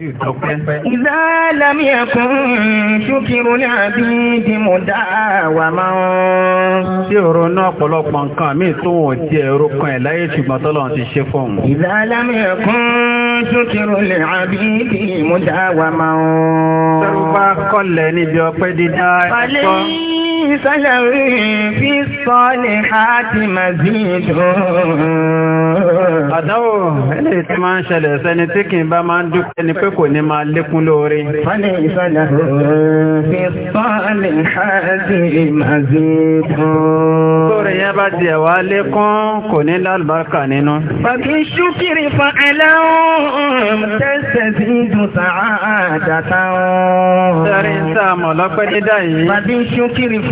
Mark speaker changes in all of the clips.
Speaker 1: Ìdá
Speaker 2: lámí ẹ̀kùn ṣúkìrún ní àbí ìdí mú
Speaker 1: dáwà máa ń. Tí ọ̀rọ̀ náà pọ̀lọpọ̀ nǹkan mí tó wọ̀n tí ẹ̀rọ kan ẹ̀ láyé ṣùgbọ́n tọ́lọ̀ ti ṣe fún un. Ìdá lámí ẹ̀kùn ṣúkìrún ní àbí ìdí mú máa ń. Sọ́rọ̀ bá kọ́lẹ̀ níbi ọpẹ́ dídá ẹ̀kọ́.
Speaker 2: سلوي في الصالحات
Speaker 1: مزيد àdánwò ilé tí máa ń ṣẹlẹ̀ sẹ́ni tí kìí bá máa ń dúpẹ́ ni pé kò ní máa lékún lóore. fọ́lẹ̀ fi sọ́ọ̀lẹ̀ ṣáàtì màzìtò. lóore yẹn bá ti ẹ̀wà lékún kò ní lálùbáríkà nínú.
Speaker 2: bàbí ṣúkìrì fa ẹlẹ́hùn tẹ́sẹ̀ sí ìdùn sàá àjàtà wọn. sẹ́rin sáà
Speaker 1: mọ̀ lọ́pẹ́ dídá yìí. bàbí ṣúkìrì f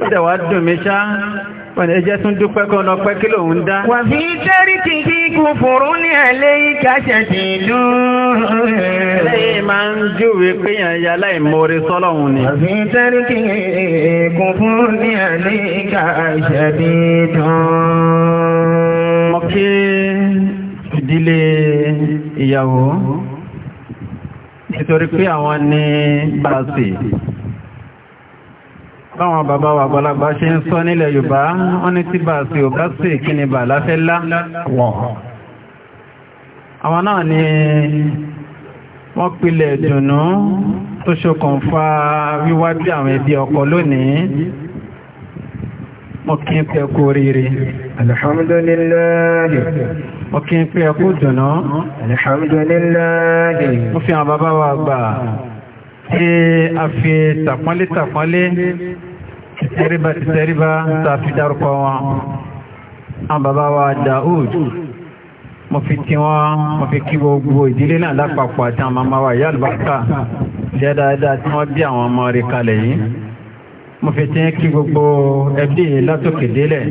Speaker 1: ó dẹ̀ wá dùn mí ṣá ọ̀nà ẹjẹ́ tún dúpẹ́ kan lọ pẹ́ kí lòun dá. wà fi
Speaker 2: tẹ́rí ti kí kúfòrò ní ẹ̀lẹ́ ìkàṣẹ̀ sí ìlú.
Speaker 1: ẹlẹ́yìn máa ń júwe pé yàn ya láìmoore sọ́lọ́hun ni. wà fi tẹ́rí ti kúfòrò ní ẹ̀lẹ́ ìkàṣẹ̀ sí ìlú
Speaker 3: báwọn bàbá wa àgbàlagbà ṣe ń sọ nílẹ̀ Yorùbá wọ́n ní tí bá sí ò bá sí ìkíni bà láfẹ́ lá
Speaker 1: àwọn náà ni wọ́n pilẹ̀ dùnú tó ṣokùnfà wíwá bí àwọn ẹbí ọkọ lónìí mo kí ń pẹ́ kú oríire alhamdulillahi a fi tàpọ́nlé tàpọ́nlé tẹríba ti tẹríba ta fi dárúkọ wọn àwọn bàbá wa Daoud mo fi tí wọn mo fi kí gbogbo ìdílé náà lápapọ̀ àti àwọn màmá wa yálùbáta jẹ́ dáadáa tí wọ́n bí àwọn ọmọ rẹ̀ kalẹ̀ yìí mo fi tí kí gbogbo ẹbí látòkè délẹ̀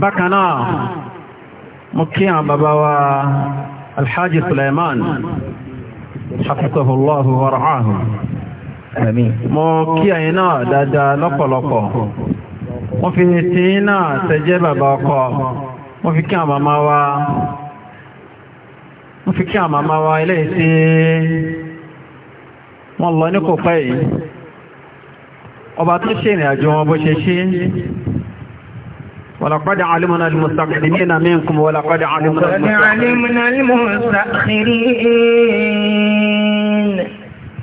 Speaker 1: bákan náà mo kí àwọn bàbá wa Alhaji Suleiman hafizahullahu wa ra'ahu mo kí ẹ̀yin náà dáadáa lọ́pọ̀lọpọ̀ mo fi tí náà tẹ́jẹ́ bàbá ọkọ mo fi kí àwọn màmá wa mo fi kí àwọn màmá wa ilé tí wọ́n lọ ní kò pẹ́ yìí ọba tó ṣe ìrìn àjò wọn bó ṣe ṣe ولقد علمنا المستقدمين منكم ولقد علمنا المستقدمين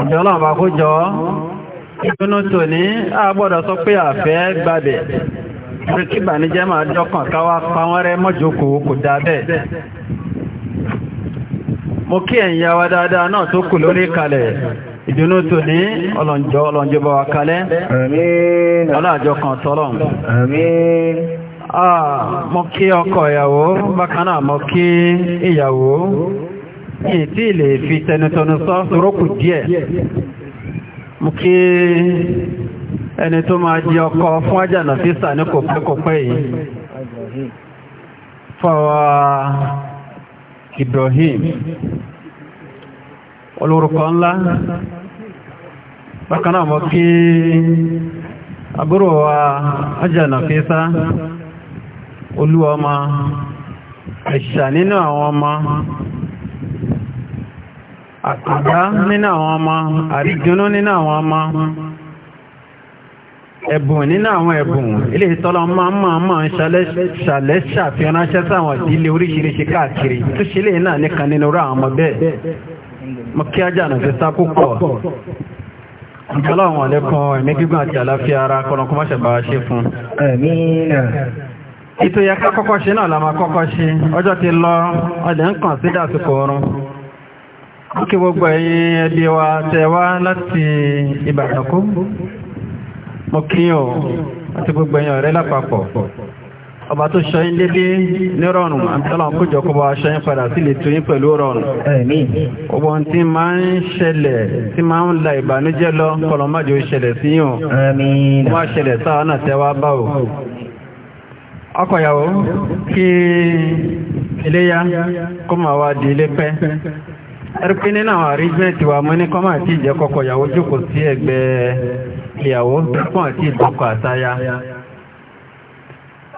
Speaker 1: àti ọlọ́run bá kó jọ ìpinnu tò ní àgbọ́dọ̀ sọ pé àfẹ́ gbàbẹ̀ pé kí ìbànújẹ́ máa jọkàn káwà pa rẹ rẹ́ kò dáa bẹ́ẹ̀ mo kí ẹ̀yin àwa náà tó kù lórí kalẹ̀ yìí tí ilẹ̀ fi tẹnitọ́nu sọ sọ́rọ́kù díẹ̀ mú kí ẹni tó máa di ọkọ fún àjànà sísà ní kò pẹ́ kò pẹ́ yìí
Speaker 3: fọwọ́ Ibrahim
Speaker 1: olórúkọ ńlá bákan mọ́ kí àbúrò wa àjànà sísà olúwa ọmọ ẹ̀ṣà nínú àwọn ọmọ
Speaker 3: àtàdá nínú àwọn ọmọ àrídúnú
Speaker 1: nínú àwọn ọmọ ẹ̀bùn nínú àwọn ẹ̀bùn ilé ìtọ́lọ máa máa máa ṣàlẹ́ ṣàfihànṣẹ́ sáwọn ìdílé oríṣiríṣi káàkiri tó ṣe lè náà nìkan nínú ra àwọn ọmọ bẹ́ẹ̀ mọ́ kí ajá sá púpọ̀ ẹ̀mí gígùn àti àlàáfíà ara ṣe fún kọ́kọ́ ṣe náà kọ́kọ́ ṣe ọjọ́ ti lọ ń kàn sí dàsìkò Ókè gbogbo ẹ̀yin ẹbí wa tẹ̀wá láti ìbàdàkú. Mo kí o, àti gbogbo ẹ̀yin ọ̀rẹ́ lápapọ̀. Ọba tó ṣọ́ yín dédé ní rọrùn, àmìtọ́lọ̀ kójọ kó bá ṣọ́ yín padà sí lè tó yín pẹ̀lú rọrùn. Gbogbo ohun tí máa ń ṣẹlẹ̀ tí máa ń la ìbànújẹ́ lọ kọlọmájò ṣẹlẹ̀ sí yín o. Wọ́n á ṣẹlẹ̀ sáà náà tẹ́wá bá o. Ọkọ kí iléyá kó máa wá di ilé pẹ́. ẹrùpin ní náà rí bẹ́ẹ̀ tí wàá mú ní kọ́ máa ti jẹ́ kọ́kọ́ yàwó jókòó sí ẹgbẹ́ ìyàwó pọ̀ sí ìdókòó àtayá.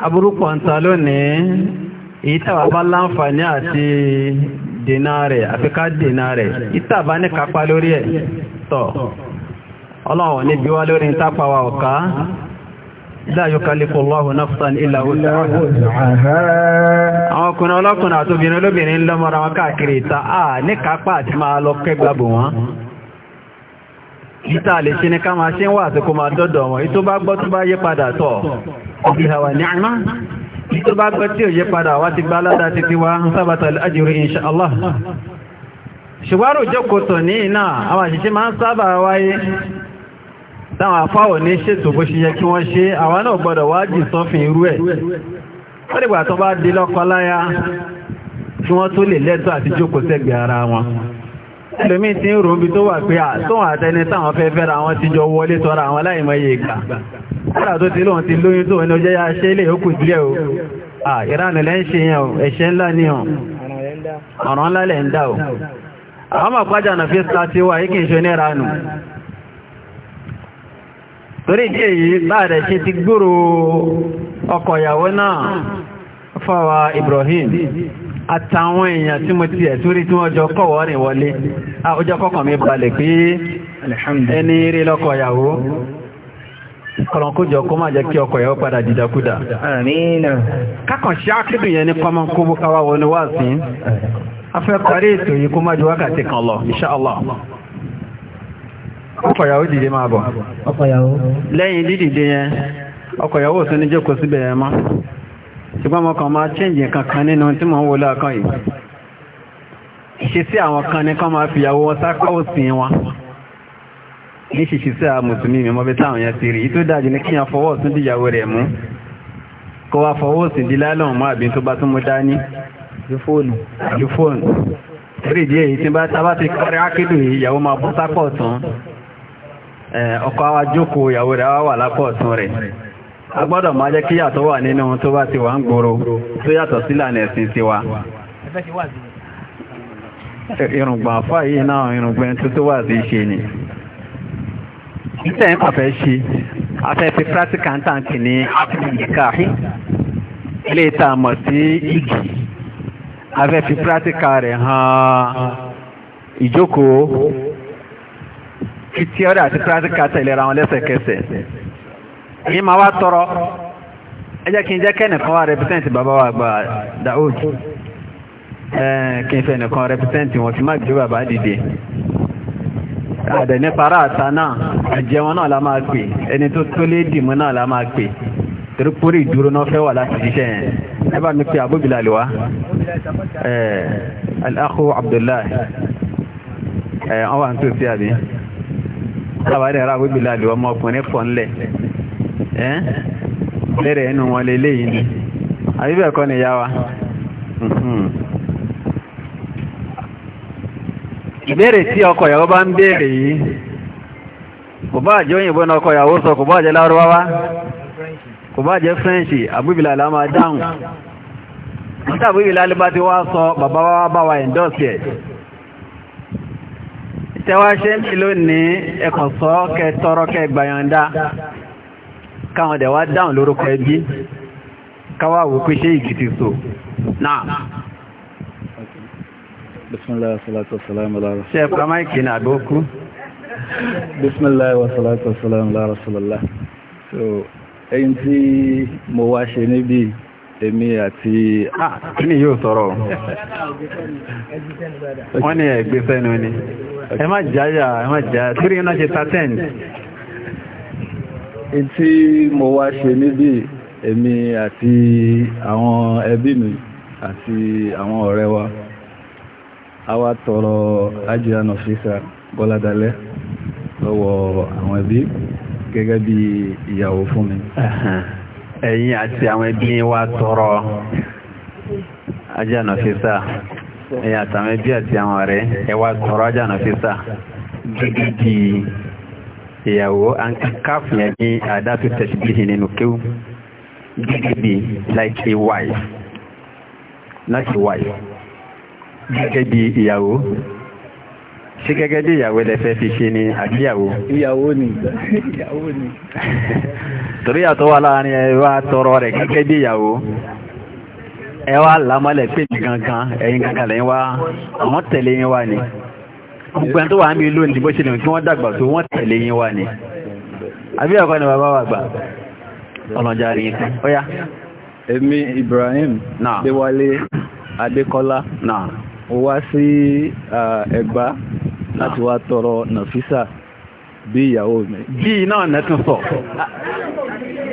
Speaker 1: aburúkọ nta lónìí èyí táwa bá láǹfààní àti dènà rẹ̀ àfi ká dènà rẹ̀ ìtàbá ní kápá lórí ẹ̀ tọ̀ ọlọ́run ní bí wá lórí ní tápá wa ọ̀ká. la yukallifu Allahu nafsan illa wus'aha àwọn ọkùnrin ọlọ́kùnrin àtòbìnrin olóbìnrin lọ́mọ́ra wọn káàkiri ìta à ní kápá àti máa lọ kẹgbàbò wọn ìta lè ṣe ní ká máa ṣe ń wà àti kó máa dọ́dọ̀ wọn ìtó bá gbọ́ tó bá yé padà tọ̀ biha ní ìná táwọn afáwọ̀ ní ṣètò bó ṣe yẹ kí wọ́n ṣe àwọn náà gbọ́dọ̀ wájì sọ́fin irú ẹ̀ wọ́n dìgbà tó bá di lọ́kọ láya kí wọ́n tó lè lẹ́tọ́ àti jókòó sẹ́gbẹ̀ẹ́ ara wọn ẹlòmí ti ń ròmbi tó wà pé àtọ́wọ̀n àtẹni táwọn fẹ́ fẹ́ra wọn ti jọ wọlé tọ́ra àwọn láìmọye ìgbà kọ́lá tó ti ńlá ni o àwọn mọ̀pájà náà fi sá ti wà yí kì í ṣe ní ìranù torí ìdí èyí báàrẹ̀ ṣe ti gbúrò ọkọ ìyàwó náà fọwà Ibrahim àtàwọn èèyàn tí mo ti ẹ̀ torí tí wọ́n jọ rìn wọlé ọjọ́ kọ́kàn mi balẹ̀ pé ẹni rí lọ́kọ ìyàwó kọ̀rọ̀kójọ kó máa jẹ́ kí ọkọ ìyàwó padà yẹn ní ọkọ̀yàwó dìde máa bọ̀ ọkọ̀yàwó lẹ́yìn dídìde yẹn ọkọ̀yàwó tó ní jókòó síbẹ̀ yẹn mọ́ ṣùgbọ́n mo kàn máa kankan nínú tí mo ń wo yìí ṣe sí àwọn kan ní kán máa fìyàwó wọn sákọ́ òsìn wọn ní ṣìṣì sí àwọn mùsùlùmí mi táwọn yẹn ti rí dájú ní kíyàn fọwọ́ òsìn dìyàwó rẹ̀ mú kó fọwọ́ òsìn di lálọ́hùn mọ́ àbí tó bá tún Eh, ọkọ àwa ìyàwó rẹ̀ wà lápọ̀ ọ̀tún rẹ̀ a gbọ́dọ̀ máa jẹ́ kí yàtọ̀ wà nínú tó bá ti wà ń gbòòrò tó yàtọ̀ sílànà ẹ̀sìn tiwa yìí náà tó tó wà sí ṣe ni títẹ̀ pàfẹ́ ṣe afẹ́fẹ́ practicantant ní mọ̀ sí igi rẹ̀ hàn ìjókòó kí tíọ́rì àti pírátíkà tẹ̀lera wọn lẹ́sẹ̀kẹsẹ̀ yìí máa wá tọrọ ẹ jẹ́ kí n jẹ́ kẹ́nìkan wá rẹpítẹ́ǹtì bàbá wa gba Daoud kí n fẹ́ nìkan rẹpítẹ́ǹtì wọn fi má gbé bàbá dìde àdẹ̀ nípa ara náà ẹ̀jẹ̀ wọn náà la máa pè ẹni tó tó lé dìmú náà la máa pè torí pórí ìdúró náà fẹ́ wà láti ṣiṣẹ́ yẹn ẹ bá mi pe Abu Bilal wá ẹ̀ al-akhu Abdullahi ẹ̀ wọ́n wà ń tó sí àbí sábàárẹ̀ ara wíbi ládùú ọmọkùnrin pọ̀ ńlẹ̀ ẹ́ lẹ́rẹ̀ ẹnu wọn lè léyìn ni àbíbẹ̀ kọ́ ni yá wa ìbéèrè tí ọkọ ìyàwó bá ń béèrè yìí kò bá jẹ́ òyìnbó ní ọkọ ìyàwó sọ kò bá jẹ́ lárúbáwá kò bá jẹ́ french àbúbìlà là máa dáhùn nígbà àbúbìlà lè bá ti wá sọ bàbá wa bá wa endorse ẹ̀ tẹwa ṣe ń bí lónìí ẹkàn sọ kẹ tọrọ kẹ gbayanda káwọn dẹ̀ wá dáhùn lórúkọ ẹbí káwà wò pé ṣe ìgìtì so
Speaker 3: náà bismillah salatu wasalamu ala rasulillah ṣe ẹ̀kọ́ máìkì ní àbókú bismillah wa salatu wasalamu ala rasulillah so ẹyin tí mo wá ṣe níbi èmi àti ah, kíní yóò sọ̀rọ̀ wọ́n ní ẹ̀gbẹ́ sẹ́nu ni
Speaker 1: ẹ má jáyà ẹ má jáyà torí iná ṣe tatẹ́ǹ
Speaker 3: tí mo wá ṣe níbí èmi àti àwọn ẹbí mi àti àwọn ọ̀rẹ́ wa a wá tọrọ ajian ọ̀fíìsà bọ́ládálẹ́ lọ́wọ́ àwọn ẹbí gẹ́gẹ́ bí ìyàwó fún mi
Speaker 1: ẹ̀yin àti àwọn ẹbí wa tọrọ ajánà fífà ẹ̀yin àtàwọn ẹbí àti àwọn ọ̀rẹ́ ẹ tọrọ ajánà fífà gẹ́gẹ́ bí ìyàwó àǹkáfù yẹn ní àdáàtú nínú kéwù like a
Speaker 3: wife like bí ìyàwó ṣé gẹ́gẹ́ bí ìyàwó lẹ fi ṣe ni ìyàwó ni ni.
Speaker 1: torí àtọ́ wà láàrin ẹwà tọrọ rẹ̀ gẹ́gẹ́ bí ìyàwó ẹwà lámọ́lẹ̀ gangan ẹ̀yìn gangan lẹ́yìn wá àwọn tẹ̀lé yín wá ni gbogbo ẹni tó wà ń bí lónìí
Speaker 3: bó ṣe lè kí wọ́n dàgbà tó wọ́n tẹ̀lé yín wá ni àbí ọkọ ni bàbá wa gbà ọlọ́jà rí yá. Ibrahim na Adékọ́lá wá sí Ẹ̀gbá láti wá tọrọ bí ìyàwó mi bí iná ọ̀nà tún sọ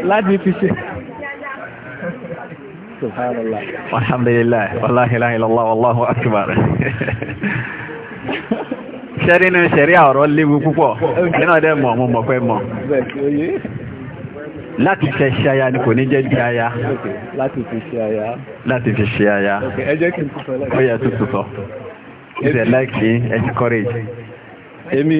Speaker 4: láti fi ṣe.
Speaker 3: Subhanallah. Alhamdulillah. Wallahi la ilaha illallah wallahu akbar. Ṣẹ́rí ní ṣẹ̀rí àọ̀rọ̀ léwu púpọ̀. Iná dẹ́ mọ̀ mo mọ̀ pé mọ̀. Láti fẹ́ ṣe aya ni kò ní jẹ́ jẹ́ aya. Láti fi ṣe aya. Láti fi ṣe aya. Ẹ jẹ́ kí n tutọ́. Ó yẹ tutù sọ. Is it like me? Encourage. Èmi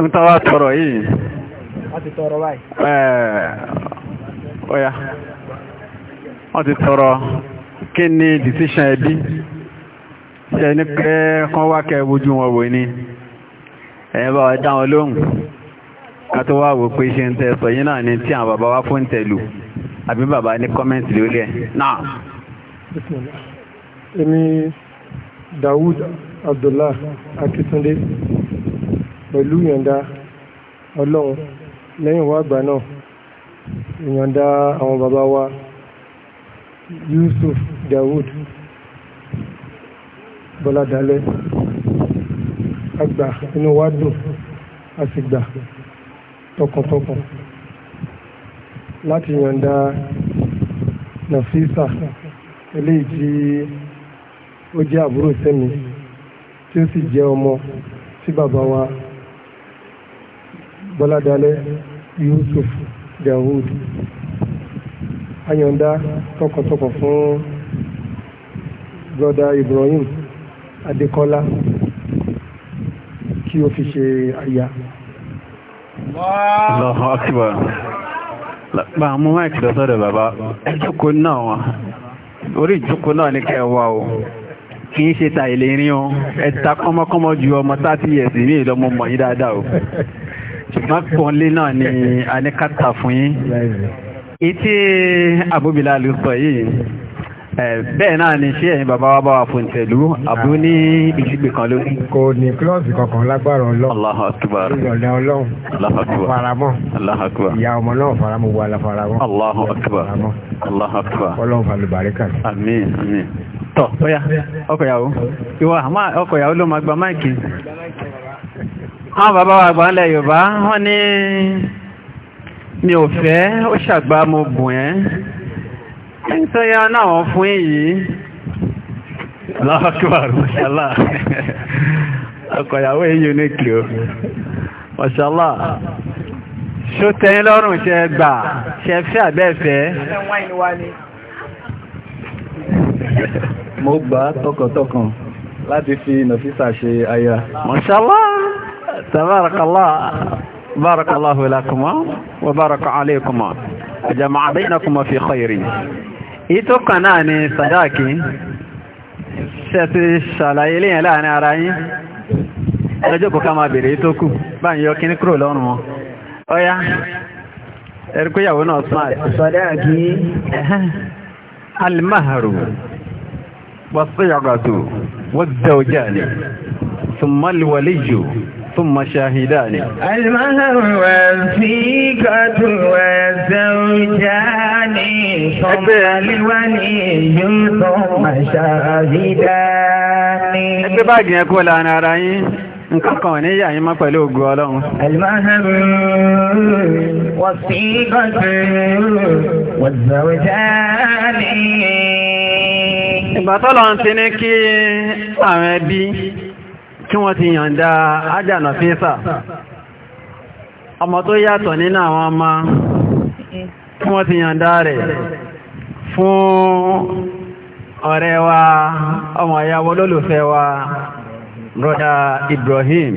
Speaker 3: ń tán wá tọrọ yìí
Speaker 5: wọ́n ti tọrọ báyìí
Speaker 3: ọ̀yá wọ́n ti tọrọ kí ni decision ẹbí
Speaker 1: ṣe ní pé kán wá kẹ ojú wọn wò ní ẹ̀yìn bá wà dáwọn lóhùn ká tó wá wò pé ṣe ń tẹ sọ yìí náà ni tí àwọn bàbá wá fún tẹ̀lù àbí bàbá ní kọ́mẹ́ǹtì lórí ẹ̀ náà.
Speaker 3: èmi Dawud Abdullah Akitunde pẹ̀lú ìyọ̀ǹda ọlọ́run lẹ́yìn wá àgbà náà ìyọ̀ǹda àwọn bàbá wa Yusuf Dawud Bọ́ládalẹ́ àgbà inú wa dùn a sì gbà tọkàntọkàn láti yọ̀ǹda Nafisa eléyìí tí ó jẹ́ àbúrò sẹ́mi tí ó sì jẹ́ ọmọ tí bàbá wa bọ́ládálẹ́ Yusuf Dawood ayọ̀ǹda tọkàntọkàn fún broda Ibrahim Adékọ́lá kí o fi ṣe àyà.
Speaker 1: Allahu Akbar. Bá a mú máìkì lọ́sọ́dọ̀ bàbá, ẹ jókòó náà wá. Orí ìjókòó náà ní kẹwàá o kì í ṣe ta ìlérí o ẹ ta kọ́mọ́kọ́mọ́ ju ọmọ thirty years ní ìlọmọ mọ̀ yí dáadáa o ṣùgbọ́n pọ̀nlé náà ni a ní kàtà fún yín ìtí abúbìlà ló sọ yìí bẹ́ẹ̀ náà ni ṣé ẹ̀yin bàbá wa bá wa fún tẹ̀lú àbú ní ìṣígbè kan ló ní. kò ní kílọ̀sì kankan lágbára ọlọ́run. Allahu
Speaker 3: Akbar. ìyọ̀lẹ̀ ọlọ́run. Allahu Akbar. faramọ́. Allahu Akbar. ìyá ọmọ náà faramọ́ wà lá faramọ́. Allahu Akbar. Allahu Akbar. ọlọ́run falùbáríkà. àmín àmín. tọ́ ọ̀ya
Speaker 1: ọkọ̀ yàwó ìwọ ọkọ̀ yàwó ló máa gba máìkì àwọn bàbá wa gbà ńlẹ̀ Yorùbá wọ́n ní mi ò fẹ́ ó ṣàgbà mo bùn ẹ́ ẹni tó yá náà wọ́n fún èyí
Speaker 3: aláwọ̀kíwàrù mọ́ṣálá ọkọ̀yàwó èyí oníkì o mọ́ṣálá ṣó tẹ́yìn lọ́rùn ṣe gbà ṣe fẹ́ àbẹ́fẹ́ mo gbà tọkàntọkàn láti fi nàfísà ṣe aya mọ́ṣálá
Speaker 1: tabarakallah barakallahu lakuma wa baraka alaykuma jama'a bainakuma fi khairin ito kana ni sadaki ṣe ti ṣàlàyé lẹ́yìn láàrin ara yín ẹjọ́ kò ká máa bèèrè tó kù bá ń yọ kíní kúrò lọ́rùn wọn ọya ẹ̀rùkúyàwó náà smart sadaki almaharu wasu yagatu wadda ojani summalwalijo ثم
Speaker 3: شاهدان
Speaker 2: المهر والفيكة والزوجان
Speaker 1: ثم الولي ثم شاهدان ẹgbẹ́ báàgì yẹn kó láàrin ara yín nǹkan kan ní yà yín má pẹ̀lú ògùn ọlọ́run. المهر ti ní kí àwọn ẹbí tí wọ́n ti yànda ájànà fífà ọmọ tó yàtọ̀ nínú àwọn ọmọ
Speaker 4: tí wọ́n ti yànda rẹ̀
Speaker 1: fún ọ̀rẹ́ wa ọmọ ìyàwó lólùfẹ́ wa broda Ibrahim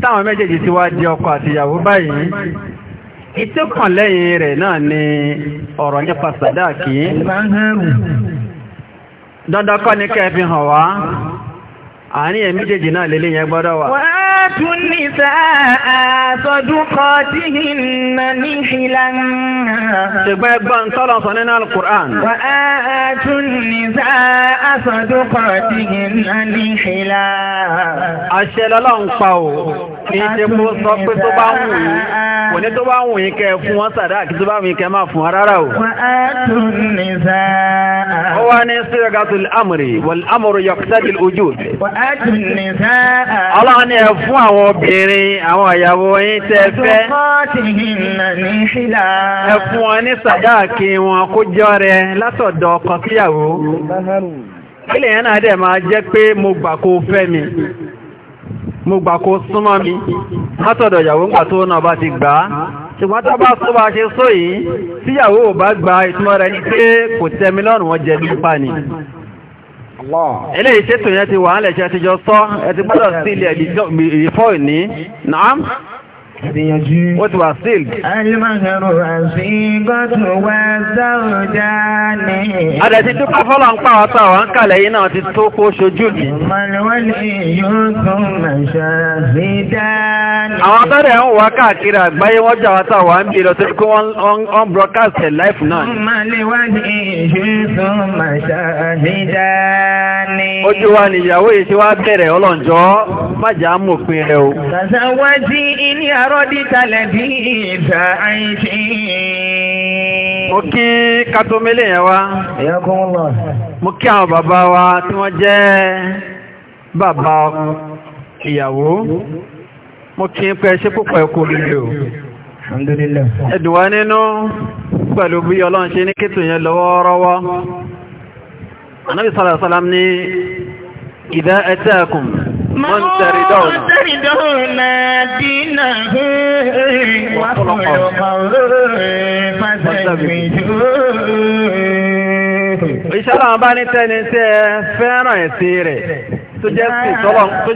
Speaker 1: táwọn méjèèjì ti wá di ọkọ àti ìyàwó báyìí ìtẹ́kàn lẹ́yìn rẹ̀ náà ni ọ̀rọ̀ nípa sàdáàkì dandan ní kẹfì hàn wá àárín ẹ̀mí jèjì náà lélẹ̀ yẹn gbọ́dọ̀ wà. wọ́n
Speaker 2: á tún ní sàásọ̀dúnkọ tí ìnà ní ìlànà.
Speaker 1: ṣùgbọ́n ẹgbọ́n tọ́lọ̀ kì í ṣe kó sọ pé tó bá wù yín kò ní tó bá wù yín kẹ fún wọn sàdá àti tó bá wù yín kẹ máa fún rárá o. ó wá ní sígàtò amúrì wọ̀l amúrì yọkítàdì ojú.
Speaker 2: ọlọ́run ni ẹ fún
Speaker 1: àwọn obìnrin àwọn ìyàwó yín tẹ́ fẹ́. ẹ fún wọn ní sàdá kí wọn kó jọ rẹ látọ̀dọ̀ ọkọ síyàwó. kílẹ̀ yẹn náà dẹ̀ máa jẹ́ pé mo gbà kó fẹ́ mi. mo gbà kó súnmọ́ mi látọ̀dọ̀ ìyàwó ńgbà tó náà bá ti gbà á ṣùgbọ́n tó bá tó bá ṣe só yìí tíyàwó ò bá gba ìtumọ̀ rẹ̀ ní pé kò tẹ́mi lọ́rùn wọn jẹ nípa ni eléyìí ṣètò yẹn ti wà á lẹ̀ṣẹ́ ti jọ sọ ẹ ti gbọ́dọ̀ sí ilẹ̀ ìfọ́ ìní náà Wọ́n ti wà sílì. Alimọ̀sọ̀rọ̀ àti gọ́tù
Speaker 2: wá sáwùjá ní. Adẹ̀
Speaker 1: ti dúpọ̀ fọ́lọ̀ ń pàwọ́ tà wọ́n kàlẹ̀ yìí náà ti tó kó ṣojú mi.
Speaker 2: Màlúwọ́lì yóò tún mẹ̀ṣọ́ sí dání.
Speaker 1: Àwọn tọ́rẹ̀ ń wá káàkiri àgbáyé wọ́n jà wọ́n tà wà ń bí lọ tó kí wọ́n broadcast ẹ̀ láìfù náà.
Speaker 2: Màlúwọ́lì
Speaker 1: yóò tún
Speaker 2: mẹ̀ṣọ́ sí dání. Ojú wa nìyàwó
Speaker 1: yìí ti wá bẹ̀rẹ̀ ọlọ́njọ́ má jà á mọ̀ pin rẹ̀ o. Kàṣà
Speaker 2: wá rọ́dítà lẹ́dí ìfà àìsí.
Speaker 1: Mo kí Kátómélé yẹn wá. Ẹ̀yà kún wọ́n lọ. Mo kí àwọn bàbá wa tí wọ́n jẹ́ bàbá ìyàwó. Mo kí ń pẹ́ ṣe púpọ̀ ẹ̀kú lílé o. nínú pẹ̀lú bí Ọlọ́run ṣe ní kìtù yẹn lọ́wọ́rọ́wọ́. Ànábì sallallahu alaihi wasallam ní idha ataakum
Speaker 2: man taridawna. Mọ́
Speaker 1: Ìṣọ́lá wọn bá ní tẹ́ni tẹ́ fẹ́ràn ẹ̀sìn rẹ̀ tó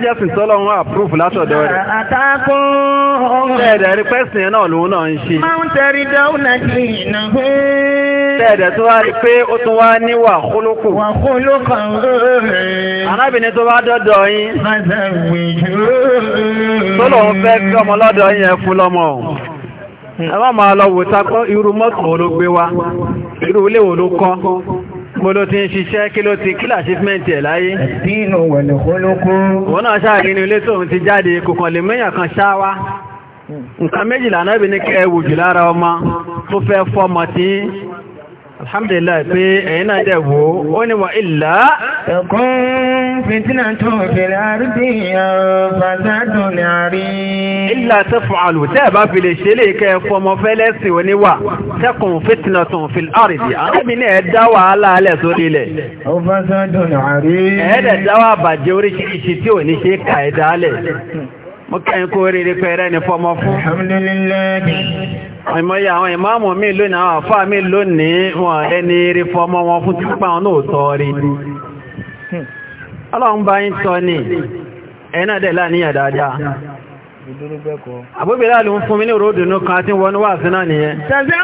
Speaker 1: jẹ́ sìn tọ́lọ́ ń àpúrúfù látọ̀dọ̀ rẹ̀. Àtàkùn ọ̀hún. Ẹ̀ẹ̀dẹ̀ rí pẹ́sìn ẹ̀ náà lòun náà ń ṣe. Máa ń tẹ̀rí dáúnà sí ìnáwó. Ẹ̀ẹ̀dẹ̀ tó wá rí pé ó tún wá ní wà kólókò. Wà kólókò Arábìnrin tó wá dọ́dọ̀ yín. Má ẹwà máa lọ wò sápọ́ irú mọ́tò oló wa. wá irú ilé wo mo ló ti ń ṣiṣẹ́ kí ló ti kí làṣífẹ́ntì ẹ̀ láyé wọ́n náà ṣáà nínú ilé tóun ti jáde mẹ́yàn kan ṣáwá hmm. nǹkan méjìlá náà bí ní kẹ́ jù lára ọmọ tó fẹ́ fọ́mọ alhamdulillah pé ẹ̀yin náà dẹ̀ wò ó ní wà ìlà ẹ̀kún
Speaker 2: fìtínà tó fèrè àrídì fàtàdù ní àrí
Speaker 1: ìlà tó fún àlù tẹ́ ẹ̀ bá fi lè ṣe lè kẹ́ ẹ̀fọ́ ọmọ fẹ́lẹ́sì oníwà tẹ́kùn fìtínà tó fi àrídì àrídì ní ẹ̀ ẹ̀ẹ́dẹ̀ dá bàjẹ́ oríṣiríṣi ṣe kà mo kẹ́yìn kó rere pẹ̀rẹ́ ní fọmọ fún. ìmọ̀ya àwọn ìmáàmù mi lónìí àwọn àfáà mi lónìí wọn ẹni rí fọmọ wọn fún títà wọn náà tọ́ rí ọlọ́run bá ń sọ ní ẹ̀yìn náà dẹ̀ láàníyàn dáadáa àbúbìlá ń fún mi ní òró kan tí wọnú wà nìyẹn.
Speaker 2: tàbí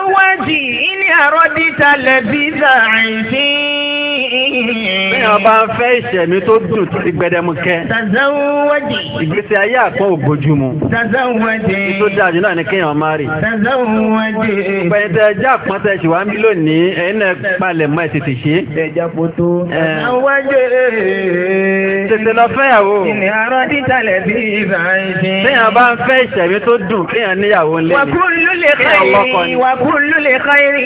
Speaker 2: Bẹ́ẹ̀
Speaker 1: ọba ń fẹ́ ìṣẹ̀mí tó dùn ti gbẹdẹmukẹ́. Tazawwadi. Ìgbésí ayé àpọ̀ ògbójúmu. Tazawwadi. Tó dáa jù náà ni kéèyàn máa rì. Tazawwadi. Pẹ̀yìntẹ́ ẹjẹ́ àpọ́ntẹ́ ṣì wá ń bí lónìí, ẹ̀yin náà palẹ̀ mọ́ ẹ̀ tètè ṣe. Ẹja poto. Tazawwadi. Tètè lọ fẹ́yàwó. Ìní arọ́ títàlẹ̀ bí ìbá ìṣe. Bẹ́ẹ̀ ọba ń fẹ́ ìṣẹ̀mí tó dùn kéèyàn níyàwó ńlẹ́ ni. Wàkúlù lè kọ́ ìrì, wàkúlù lè kọ́ ìrì,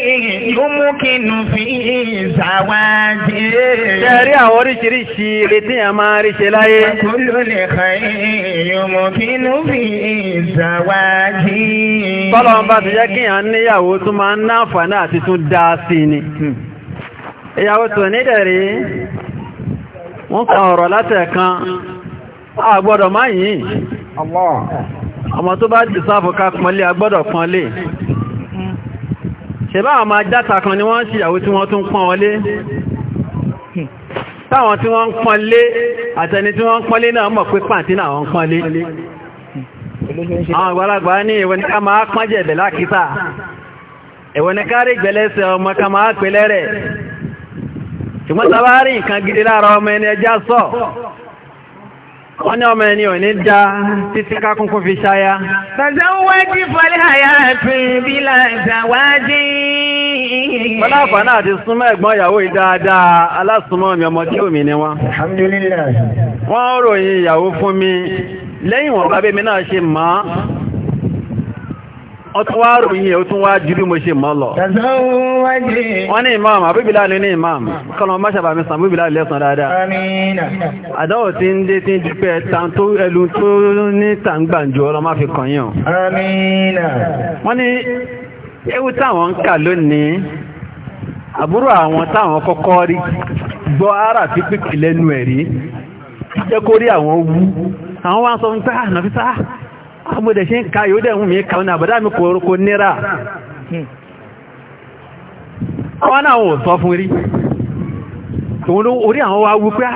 Speaker 2: ìhùmú kinu fi ìzàwájú. Ṣẹ̀rí àwọn
Speaker 1: oríṣiríṣi retí yẹn máa rí ṣe láyé. Kúlù
Speaker 2: lè kàn èèyàn mọ̀ kínú fi ìzàwájì.
Speaker 1: Bọ́lọ̀ ń bá ti jẹ́ kí yàn níyàwó tó máa ń náǹfààní àti tún dá sí ni. Ìyàwó tò ní dẹ̀rí, wọ́n kan ọ̀rọ̀ látẹ̀kan, a gbọ́dọ̀ máa yìí. Ọmọ tó bá jù sáfù ká pọ́nlé, a gbọ́dọ̀ pọ́nlé ṣẹ̀bá àwọn ajáta kan ni wọ́n ń ṣìyàwó tí wọ́n tún pọ́n wọlé táwọn tí wọ́n ń pọ́n lé àtẹni tí wọ́n ń pọ́n lé náà mọ̀ pé pàǹtí náà wọ́n ń pọ́n lé àwọn àgbàlagbà ní ìwọ̀n ká máa pọ́n jẹ̀bẹ̀ lákítà ìwọ̀n ká rí gbẹ̀lẹ́sẹ̀ ọmọ ká máa pẹ̀lẹ́ rẹ̀
Speaker 2: Bọ́lá àfàná àti
Speaker 1: súnmọ́ ẹ̀gbọ́n ìyàwó ìdáadáa alásùnmọ́ mi ọmọ tí òmì ni wọ́n. ròyìn ìyàwó fún mi lẹ́yìn wọ̀n bá bẹ́mi náà ṣe mọ́. Wọ́n tún wá ròyìn ẹ̀ tún wá jù mo ṣe mọ́ lọ. Wọ́n ní imam, àbúbìlá ni ní imam. Kọ́nà ọmọ ṣàbà mi sàn búbìlá lẹ́sàn dáadáa. Àdáwò tí ń dé tí ń dúpẹ́ ẹlú tó ní tàǹgbàǹjọ́ ọlọ́má fi kàn yàn. Wọ́n ní ewu táwọn ń kà lónìí àbúrò àwọn táwọn kọ́kọ́ rí gbọ́ ara fi pípì lẹ́nu ẹ̀rí jẹ́ kó rí àwọn wú àwọn wá sọ nípa ah, ànàfíṣà àmúdẹ̀ ah, ṣe ń ka yóò dẹ̀ mú mi kàwọn àbádá mi kò nira àwọn náà wò sọ fún rí òun orí àwọn wá wú pé ah,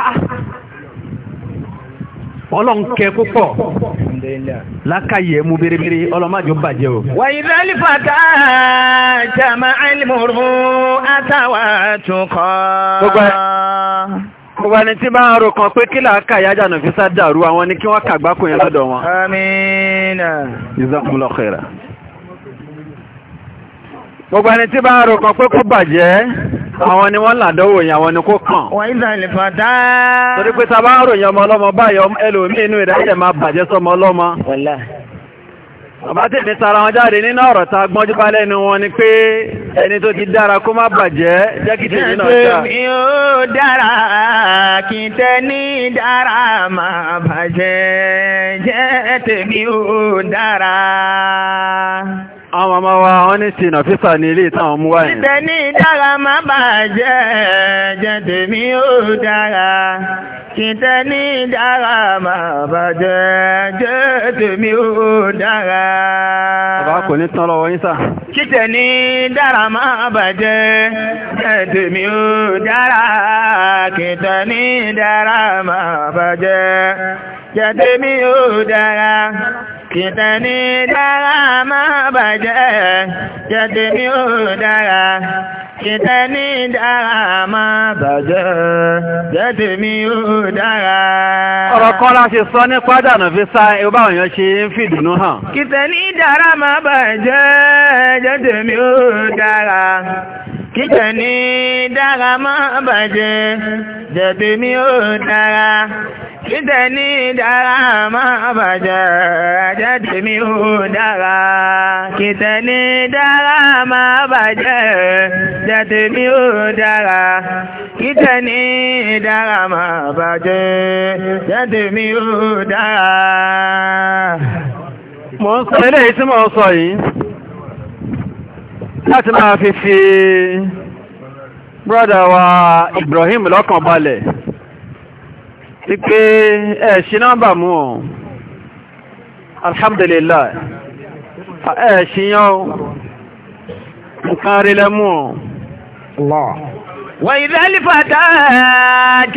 Speaker 1: púpọ̀ lákàyè mú bèrèbèrè ọlọ́májò bàjẹ́ o. wà ìdálí fàtà jàmà
Speaker 2: àìlèmọ̀rún àtàwà àtúnkọ́.
Speaker 1: gbogbo ẹni tí bá ń ro kan pé kí làákà yájà nà fi sá dàrú àwọn ni kí wọ́n kàgbákò yẹn lọ́dọ̀ wọn. àmín.
Speaker 3: jazakumullahu khaira.
Speaker 1: gbogbo ẹni tí bá ń ro kan pé kó bàjẹ́ àwọn ni wọ́n làdọ́wò yẹn àwọn ni kó kàn. wọ́n ìdá ilẹ̀ fàdá. torí pé sábà ń ròyìn ọmọ ọlọ́mọ báyọ̀ ẹlòmíì inú ìdájẹ́ máa bàjẹ́ sọmọ ọlọ́mọ. bàbá tèmi sara wọn jáde nínú ọ̀rọ̀ tá a gbọ́njú bá lẹ́nu wọn ni pé ẹni tó ti dára kó má bàjẹ́ jẹ́ kí tèmi náà dáa. mi
Speaker 2: ó dára kí tẹ́ni dára má bàjẹ́ jẹ́ tèmi ó dára
Speaker 1: àwọn ọmọ wa wọ́n ní ṣìnà fífà ní ilé ìtàn ọmú wáyé. Ìbẹ̀
Speaker 2: ní dára má bàá jẹ́ jẹ́ tèmi ó dára. Kìtẹ́ ní dára má bàá jẹ́ jẹ́ tèmi ó dára.
Speaker 1: Bàbá kò ní tán lọ́wọ́ yín sà.
Speaker 2: ní dára má bàá jẹ́ jẹ́ tèmi ó dára. Kìtẹ́ ní dára má bàá jẹ́ jẹ́ tèmi ó dára kìtà ní dára máa bàjẹ́ jẹ́dẹ̀ mi ò dára
Speaker 1: kìtà ní
Speaker 2: dára máa
Speaker 1: bàjẹ́ jẹ́dẹ̀ mi ò dára ọ̀rọ̀ kan la ṣe sọ ní pádànà fi sá ẹgbà òyàn ṣe ń fìdùnú hàn
Speaker 2: kìtà ní dára máa bàjẹ́ jẹ́dẹ̀ mi ò dára kíkẹ́ ní dára má bàjẹ́ jẹ̀bi mi ó dára kíkẹ́ ní dára má bàjẹ́ jẹ̀bi mi ó dára kíkẹ́ ní dára má bàjẹ́ jẹ̀bi mi ó dára kíkẹ́ ní dára má bàjẹ́ jẹ̀bi mi ó dára. mo ń sọ
Speaker 1: sọ yìí láti máa fi fi brọ́dà wa Ibrahim lọ́kàn balẹ̀ ti pé ẹ̀ ṣí nọ́mbà mú ọ̀ alhamdulillah ẹ̀ ṣí yán nǹkan rí lẹ́mú
Speaker 2: ọ̀ وإذا الفتى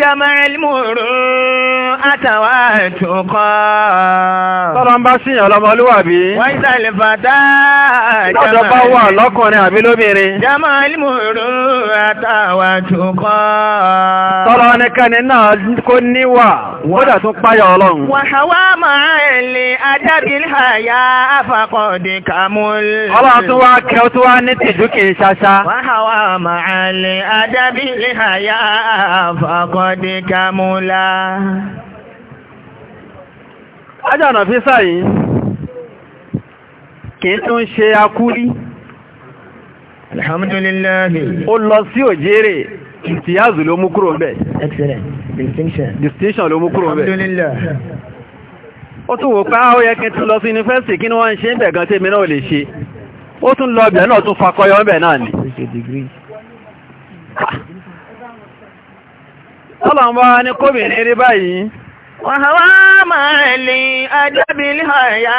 Speaker 2: جمع المروءة والتقى tọ́rọ ń bá sí ìyàn ọlọ́mọlúwàbí wọ́n ìsàlẹ̀ fàtà ìjọba bá wà lọ́kùnrin àbí lóbìnrin jẹ́mọ̀ ìlúmọ̀rọ̀ àtàwà tókọ́ tọ́rọ nìkanì
Speaker 1: náà kó níwà wọ́dà tún páyà ọlọ́run
Speaker 2: wàháwá bí ìhàyà fàkọ́dé kamúlá.
Speaker 1: Ajọ́nà fi sáyìí, kìí tún ṣe akúrí. Alhamdulillahi. Ó lọ sí òjèrè, ìtìyàzù ló kúrò Excellent. Distinction.
Speaker 3: Distinction ló kúrò bẹ̀. Alhamdulillahi.
Speaker 1: o tún wò pé ah, yẹ kí tún lọ sí yunifásitì kí ni wọ́n ṣe gan náà ọlọ́mbọ́ ní
Speaker 4: kóbìnrin rí
Speaker 2: báyìí wàhálà máa lè ajábìlì àyà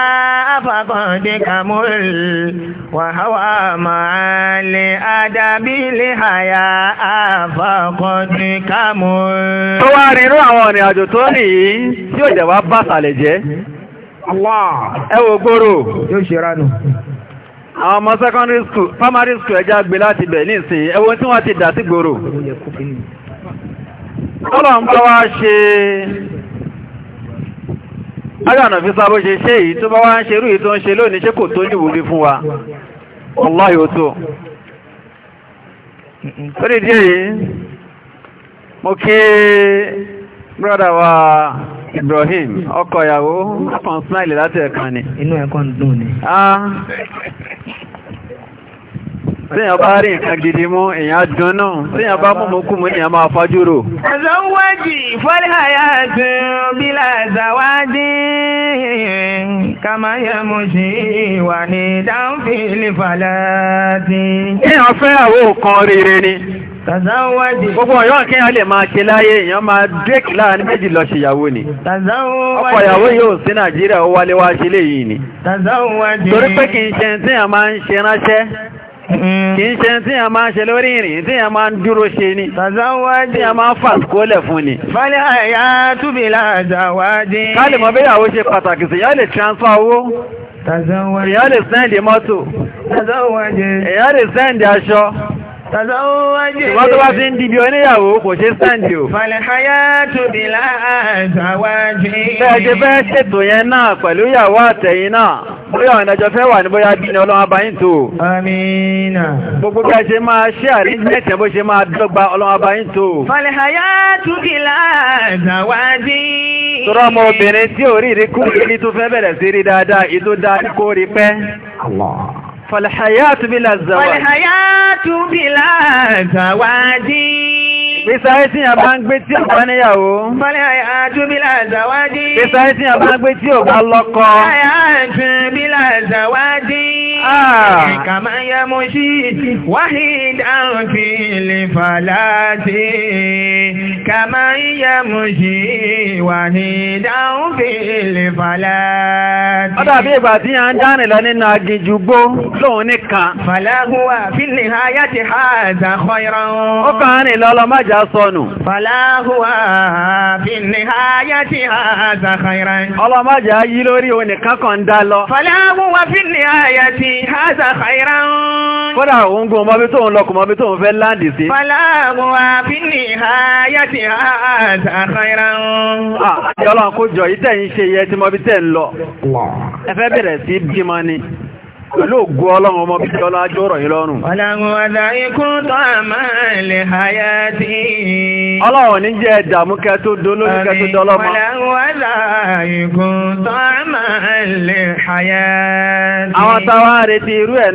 Speaker 2: afakọ̀dé kàmúrì wàhálà máa lè kàmúrì. tó wá
Speaker 1: àwọn ìrìn àjò tó rí yìí tí ó jẹ̀wá bá sàlẹ̀ jẹ́ ẹ wò yóò ṣe ránù àwọn ọmọ secondary school primary school ẹja gbé láti bẹ̀ ní ìsìn ẹwọ tí wọ́n ti dà sí gbòòrò ọlọ́ ń bá wá ṣe agànà fi sábó ṣe ṣe èyí tó bá wá ń ṣe irú ìtọ́ ń ṣe lónìí ṣe kò tó ní ìwúrí fún wa ọláyò tó torí díẹ̀ yìí mo kí brọ́dà wa Ibrahim ọkọ ìyàwó kan smile láti ẹ̀kan ni inú ẹ̀kan dùn ni ah. tíyàn bá rí nǹkan gidi mú èyàn dùn náà tíyàn bá mú mú kú mú ní àmà àfájúrò.
Speaker 2: àzọ́wájì fọ́lẹ́hàyà tí bí làzàwájì kàmáyẹmú sí ìwà ní dáńfì ní fàlàtì. fẹ́ àwọ̀ kan rere ni.
Speaker 1: Tàzáwádìí. Gbogbo ọ̀yọ́ kí wọ́n lè máa ṣe láyé èèyàn máa drékì láàrin méjì lọ ṣe ìyàwó ni. Tàzáwádìí. Ọkọ ìyàwó yóò sí Nàìjíríà ó wálé wá ṣe léyìí ni. Tàzáwádìí. Torí pé kì í ṣe tí a máa ń ṣe ránṣẹ́. Mm-hmm. Kì í ṣe tí a máa ń ṣe lórí ìrìn tí a máa ń dúró ṣe ni. Tàzáwádìí. Tí a máa ń fà kólẹ̀ fún ni. Fálẹ́ àyà túbí làzáwádìí. Ká lè mọ bí ìyàwó ṣe pàtàkì sí, ìyá lè transfer owó. Tàzáwádìí. Ìyá lè sẹ́ndì mọ́tò. Tàzáwádìí. lè sẹ́ndì aṣọ.
Speaker 2: Ìwọ́n tó bá ti ń dìbí oníyàwó kò ṣe sáǹdì ò. Fàlẹ̀háyá tóbi láàzàwájú. Bẹ́ẹ̀ jẹ́
Speaker 1: fẹ́ ṣètò yẹn
Speaker 2: Tọ́rọ ọmọ obìnrin
Speaker 1: tí ò rí ìrikú ìrí tó fẹ́ bẹ̀rẹ̀ sí rí dáadáa, ìtó dáa kó rí pẹ́. Allah. Fàlàyàtù bí làzàwà. Fàlàyàtù bí làzàwà dí. Gbèsè ayé tí a bá ń gbé tí ò bá níyàwó.
Speaker 2: Fàlàyàtù bí làzàwà dí. Gbèsè ayé tí a bá ń gbé tí ò bá lọ́kọ. Fàlàyàtù bí làzàwà dí kàmá yẹ mo sí wáhídà fi lè fàlá sí kàmá yẹ mo
Speaker 1: sí wáhídà fi lè fàlá sí. ọ̀dà bí ìgbà tí a ń dánì lọ nínú aginjù gbó lóun nìkan. fàlàhùwà fílì ayá ti ha
Speaker 2: àzàkọ́ ìran. ó kàn án lọ́lọ́ májà sọnù. fàlàhùwà fílì
Speaker 1: ayá ti ha àzàkọ́ ìran. ọlọ́májà yí lórí òun nìkan kan dá lọ. fàlàhùwà fílì ayá ti haza khairan. kódà òun gun ọmọbi tóun lọkùn ọmọbi tóun fẹ́ láǹdì sí.
Speaker 2: fọláàgùn àfínì hayati haza khairan.
Speaker 1: àti ọlọ́run kó jọ yìí tẹ̀yìn ṣe yẹ tí mo fi tẹ̀ ń lọ. ẹ fẹ́ bẹ̀rẹ̀ sí bímọ ni pẹ̀lú ògùn ọlọ́run ọmọ bíbí ọlá jọ́rọ̀ yìí lọ́rùn. ọ̀làrun àdáyé kún tọ́ àmà ilẹ̀ àyà tí. ọlọ́run ní jẹ́ ẹ̀dàmú kẹ́ tó dolóyún kẹ́ tó dọ́lọ́mọ. ọ̀làrun àdáyé kún tọ́ àmà ilẹ̀ àyà tí. àwọn táwa retí irú ẹ̀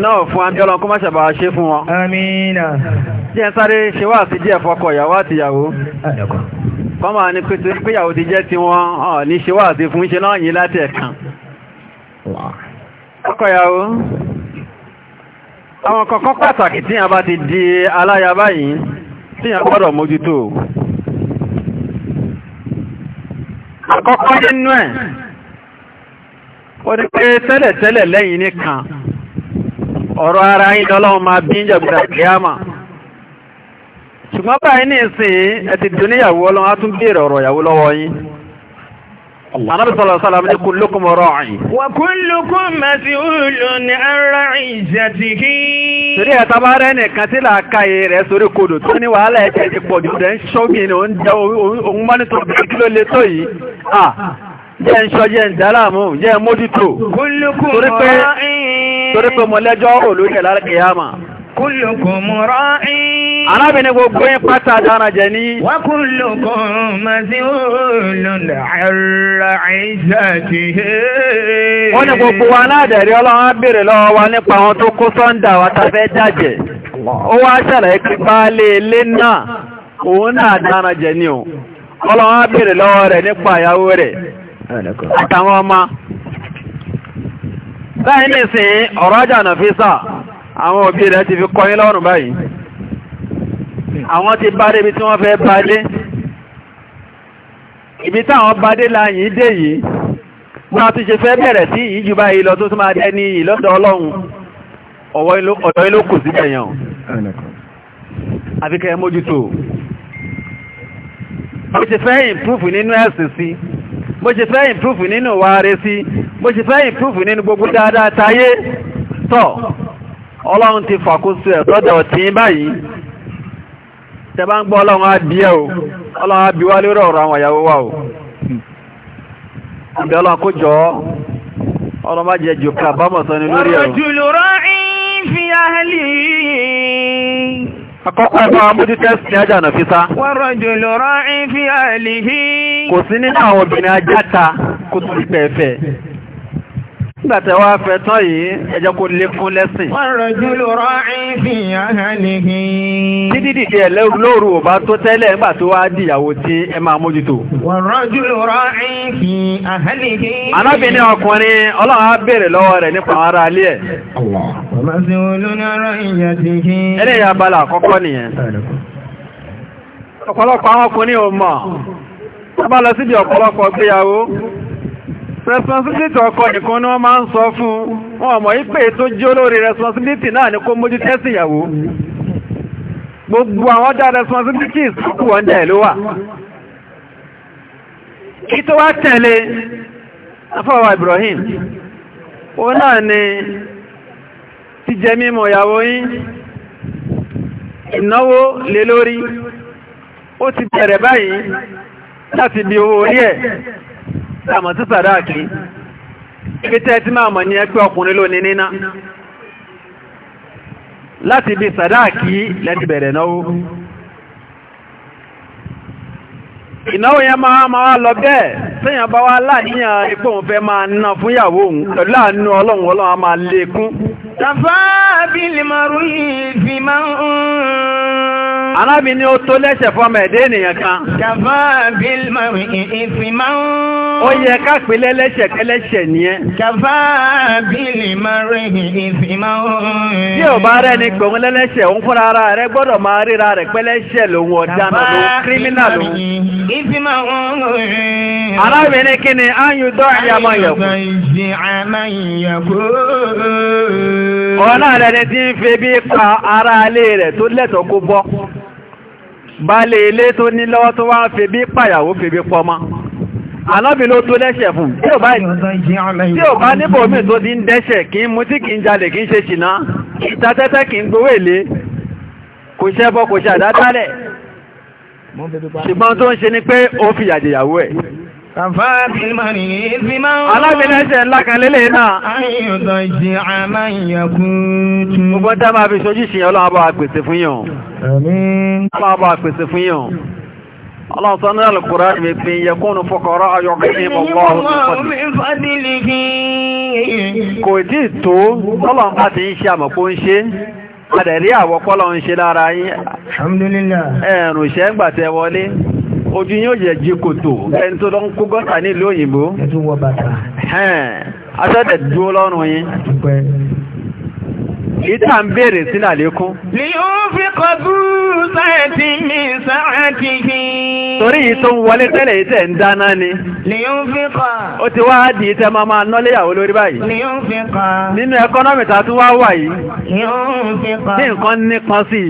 Speaker 1: ti jẹ́ ti wọn ní ṣe wá sí fún ṣe náà yìí láti ẹ̀kan ọkọ̀yàwó àwọn kọ̀kọ́ pàtàkì tí a bá ti di aláyàbá yìí tí a gbọ́dọ̀ mójútó àkọ́kọ́ nínú ẹ̀ ó ní pé tẹ́lẹ̀tẹ́lẹ̀ lẹ́yìn nìkan ọ̀rọ̀ ara yìí lọ́lọ́run máa bí jẹ̀gbẹ̀rẹ̀ kíámà ṣùgbọ́n báyìí ní ìsìn ẹ̀ ti dùn níyàwó ọlọ́run á tún béèrè ọ̀rọ̀ ìyàwó lọ́wọ́ yín Ànábì sallallahu alaihi wasallam ní kullukum ra'in. Wa kullukum
Speaker 2: mas'ulun an ra'iyatihi. Torí ẹ̀ta
Speaker 1: bá rẹ̀ nìkan tí làákàyè rẹ̀ sórí kodò tó ní wàhálà ẹ̀jẹ̀ ti pọ̀ jù rẹ̀ ń ṣọ́gbìn ní òun mọ́ nítorí arábìnrin gbogbo yín pátá dára jẹ ní.
Speaker 2: wa kullukum mas'ulun O ra'iyatihi. wọ́n ní gbogbo wa aládẹ̀rí
Speaker 1: ọlọ́run á béèrè lọ́wọ́ wa nípa àwọn tó kó sọ́ńdà wa ta fẹ́ jàjẹ́ ó wá ṣàlàyé pípa lé náà òun náà dára jẹ ní o ọlọ́run á béèrè lọ́wọ́ rẹ̀ nípa ìyàwó rẹ̀ àtàwọn ọmọ báyìí nìsín ọ̀rọ̀ àwọn òbí rẹ̀ ti fi lọ́rùn báyìí àwọn ti bá débi tí wọ́n fẹ́ bá dé ibi táwọn bá dé láyìn dé yìí wọ́n ti ṣe fẹ́ bẹ̀rẹ̀ sí yìí jù báyìí lọ tó tún máa dẹ́ ní yìí lọ́dọ̀ ọlọ́run ọ̀dọ̀ ilé kò sí ẹ̀yàn àfikẹ́ mójútó bó ṣe fẹ́ ìmprúfù nínú ẹ̀sìn sí bó ṣe fẹ́ ìmprúfù nínú wáre sí bó ṣe fẹ́ ìmprúfù nínú gbogbo dáadáa táyé tọ́ ọlọ́run ti fàkóso ẹ̀ lọ́dọ̀ tí báyìí tẹ́bá ń gbọ́ ọlọ́run á bí ẹ́ o ọlọ́run á wá lórí ọ̀rọ̀ àwọn ìyàwó wa o ìbẹ̀ ọlọ́run kó jọ ọlọ́run má jẹ jù ká bámọ̀ sọ ni lórí ẹ̀rọ. Akọ́kọ́ ẹ̀kọ́ ajá nà Kò sí nínú àwọn obìnrin kó tó Gbàtẹ̀ wá fẹ́ tán yìí, ẹjọ́ kò lékún lẹ́sìn. Wọ́n lóru ò bá tó tẹ́lẹ̀ nígbà tó wá dìyàwó tí ẹ máa mójútó. Wọ́n
Speaker 2: Anábìnrin ọkùnrin
Speaker 1: ọlọ́run á béèrè lọ́wọ́ rẹ̀ nípa àwọn ará àkọ́kọ́ nìyẹn. responsibility ọkọ nìkan ni wọ́n máa ń sọ fún wọn mọ̀ ìpè tó jẹ́ olórí responsibility náà ni kó mójú tẹ́sì ìyàwó gbogbo àwọn dá responsibilities kú wọ́n dẹ̀ ló wà kí tó wá tẹ̀lé afọ́wà Ibrahim ó náà ni jíjẹ mímọ̀ ìyàwó yín ìnáwó lé lórí ó ti bẹ̀rẹ̀ báyìí láti bí owó orí ẹ̀ àmọ̀ sí sàdáàkì ibi tẹ́ tí máa mọ̀ ní ẹgbẹ́ ọkùnrin ló níná láti ibi sàdáàkì lẹ́ti bẹ̀rẹ̀ ìnáwó yẹn máa máa lọ bẹ́ẹ̀ sẹ́yìn bá wá láàníyàn ipò òun fẹ́ máa ná fún ìyàwó òun pẹ̀lú àánú ọlọ́run ọlọ́run a máa lékún. tàfà bí limaru ìfì máa ń. ni ó tó lẹ́sẹ̀ fún ọmọ ẹ̀dẹ́ ènìyàn kan. tàfà bí limaru ìfì máa ń. ó yẹ ká pè lẹ́lẹ́sẹ̀ nìyẹn. tàfà
Speaker 2: bí ìfì máa ń. ò bá
Speaker 1: lẹ́lẹ́sẹ̀ òun fúnra gbọ́dọ̀ máa ríra rẹ̀
Speaker 2: ìfìmọ̀ wọn rẹ̀. Arábìnrin kí ni a ń yú dọ́
Speaker 1: Ọ̀nà rẹ̀ ti ń fi bí pa ara alé rẹ̀ tó lẹ́tọ̀ọ́ kó bọ́. Baálé ilé tó ní lọ́wọ́ tó wá ń fi bí pàyàwó fi bí pọmọ. Ànábì ló tó lẹ́ṣẹ̀ fún. Tí ò bá níbò mí tó ti ń dẹ́ṣẹ̀ kí ń mutí kí ń jalè kí ń ṣe ṣìná, ìta kí ń gbówèlé, kò ṣẹbọ kò ṣàdátálẹ̀ ṣùgbọ́n tó ń ṣe ni pé ó fi àjẹyàwó ẹ̀
Speaker 2: alábìnẹ́sẹ̀ ńlá náà
Speaker 1: ayọ̀dọ̀ ìjì àmáyàkún gbogbo tá fi ṣojú ṣe ọlọ́wọ́ bá fún yàn ọlọ́wọ́ bá fún yàn الله tó ọlọ́run bá ti ń ṣe àmọ̀kó adẹ̀rí àwọ̀pọ́lọ̀ ń ṣe lára yín alhamdulillah ẹ̀rùn ṣẹ́ ń gbàtẹ̀ wọlé ojú yóò jẹ́ jí kòtò ẹni tó lọ ń kó gọ́ta nílùú òyìnbó ẹ̀tún wọ bàtà ẹ̀ẹ́ ìta ń bèèrè sí làlékún. lè ó fi
Speaker 2: kọjú sáàtì mi sáàtì
Speaker 1: torí yìí tó wọlé tẹ́lẹ̀ yìí ń dáná ni. ti wá di ìtẹ́ máa máa nọ́léyàwó lórí báyìí. lè ó fi nínú ẹkọ́nọ́mì tá a tún wá yìí. ó
Speaker 2: fi ní nǹkan
Speaker 1: nípọn sí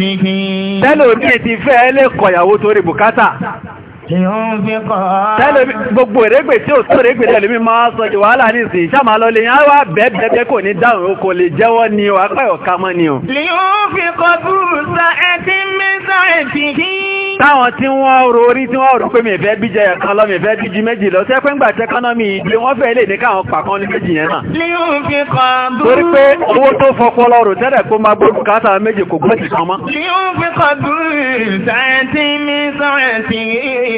Speaker 1: i. ti fẹ́ ẹ lè tori torí
Speaker 2: tẹ́lẹ̀
Speaker 1: gbogbo ìrégbè tí ó tó régbè tẹ́lẹ̀ mi sọ jù wàhálà ní ìsìn ìṣàmà lọ lè yán wá bẹ́ẹ̀bẹ́ẹ̀ kò ní dáhùn kò lè jẹ́wọ́ ni o apẹ́ ọ̀ká mọ́ ni o.
Speaker 2: fi kọ búrúsà ẹtí mẹ́ta ẹ̀tì kí.
Speaker 1: táwọn tí wọ́n ro orí tí wọ́n rò pé mi fẹ́ bíjẹ ẹ̀kan lọ mi fẹ́ bíjì méjì lọ sẹ́pẹ́ ńgbà tẹ́kọ́nọ́mì ìgbé wọ́n fẹ́ lè ní káwọn pàkan ní méjì yẹn náà.
Speaker 2: fi kọ búrúsà. torí pé owó
Speaker 1: tó fọpọ lọrùn tẹ́lẹ̀ kó máa gbóòdù káàtà méjì kò gbọ́dì kan mọ́.
Speaker 2: lè ó fi kọ búrúsà ẹtí mẹ́ta ẹ̀tì kí.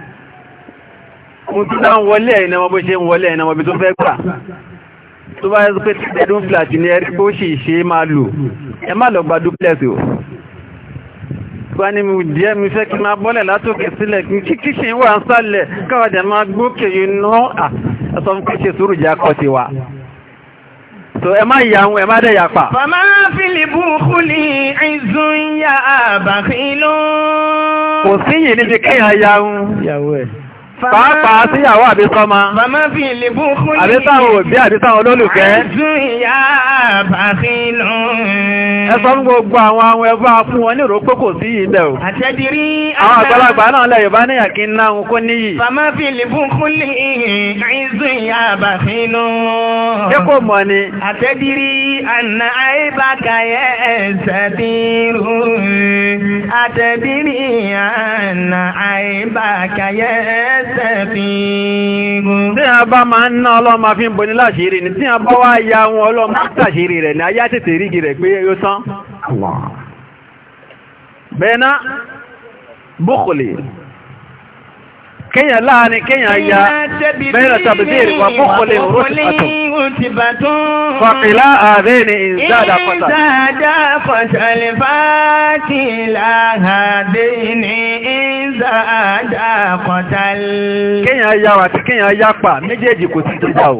Speaker 1: mo tún náà wọlé ẹ̀yìn ọmọ bó ṣe ń wọlé ẹ̀yìn ọmọ tó fẹ́ gbà tó bá yẹ́ pé tẹ́dún flat ní ẹ̀rí pé ó sì ṣe máa lò ẹ má lọ gba duplex so ẹ má yà ń ẹ má dẹ̀ yà pa.
Speaker 2: bàbá fílípù kúlì ìzúnyà àbàkí ló.
Speaker 1: kò síyìn níbi kéèyàn yà ń. ìyàwó ẹ̀ pàápàá síyàwó àbí sọ́mọ
Speaker 2: àbí táwọn òbí àbí
Speaker 1: táwọn olólùfẹ́ ẹsọ́ ń gbogbo àwọn àwọn ẹgbẹ́ fún wọn ní ìrókò kò sí ilẹ̀ o àwọn àgbàlagbà náà lẹ̀ Yorùbá níyà kí ń náà kó níyì ṣé kò mọ̀ ni
Speaker 2: àtẹ́dìrí àna àìbákà yẹ ẹ̀sẹ̀ tí rú àtẹ́dìrí àna àìbákà yẹ ẹ̀sẹ̀
Speaker 1: تتقون tí a bá máa ń ná ọlọ́mà fi ń boni láṣírí ni tí a bá wá ya wọn ọlọ́mà tàṣírí rẹ̀ ní ayá tètè rígi rẹ̀ pé yóò tán bẹ́ẹ̀ bókòlè kéèyàn láàrin kéèyàn ya bẹ́ẹ̀rẹ̀ tàbídìrì wà fún kọlẹ̀
Speaker 2: òrótìbàtún fàkìlá ààrẹ ni ìzádà pàtà ìzádà pàtàlẹ̀ fàkìlá
Speaker 1: ààrẹ ni ìzádà pàtàlẹ̀ kéèyàn ya wà tí kéèyàn ya pa méjèèjì kò sí jíjà o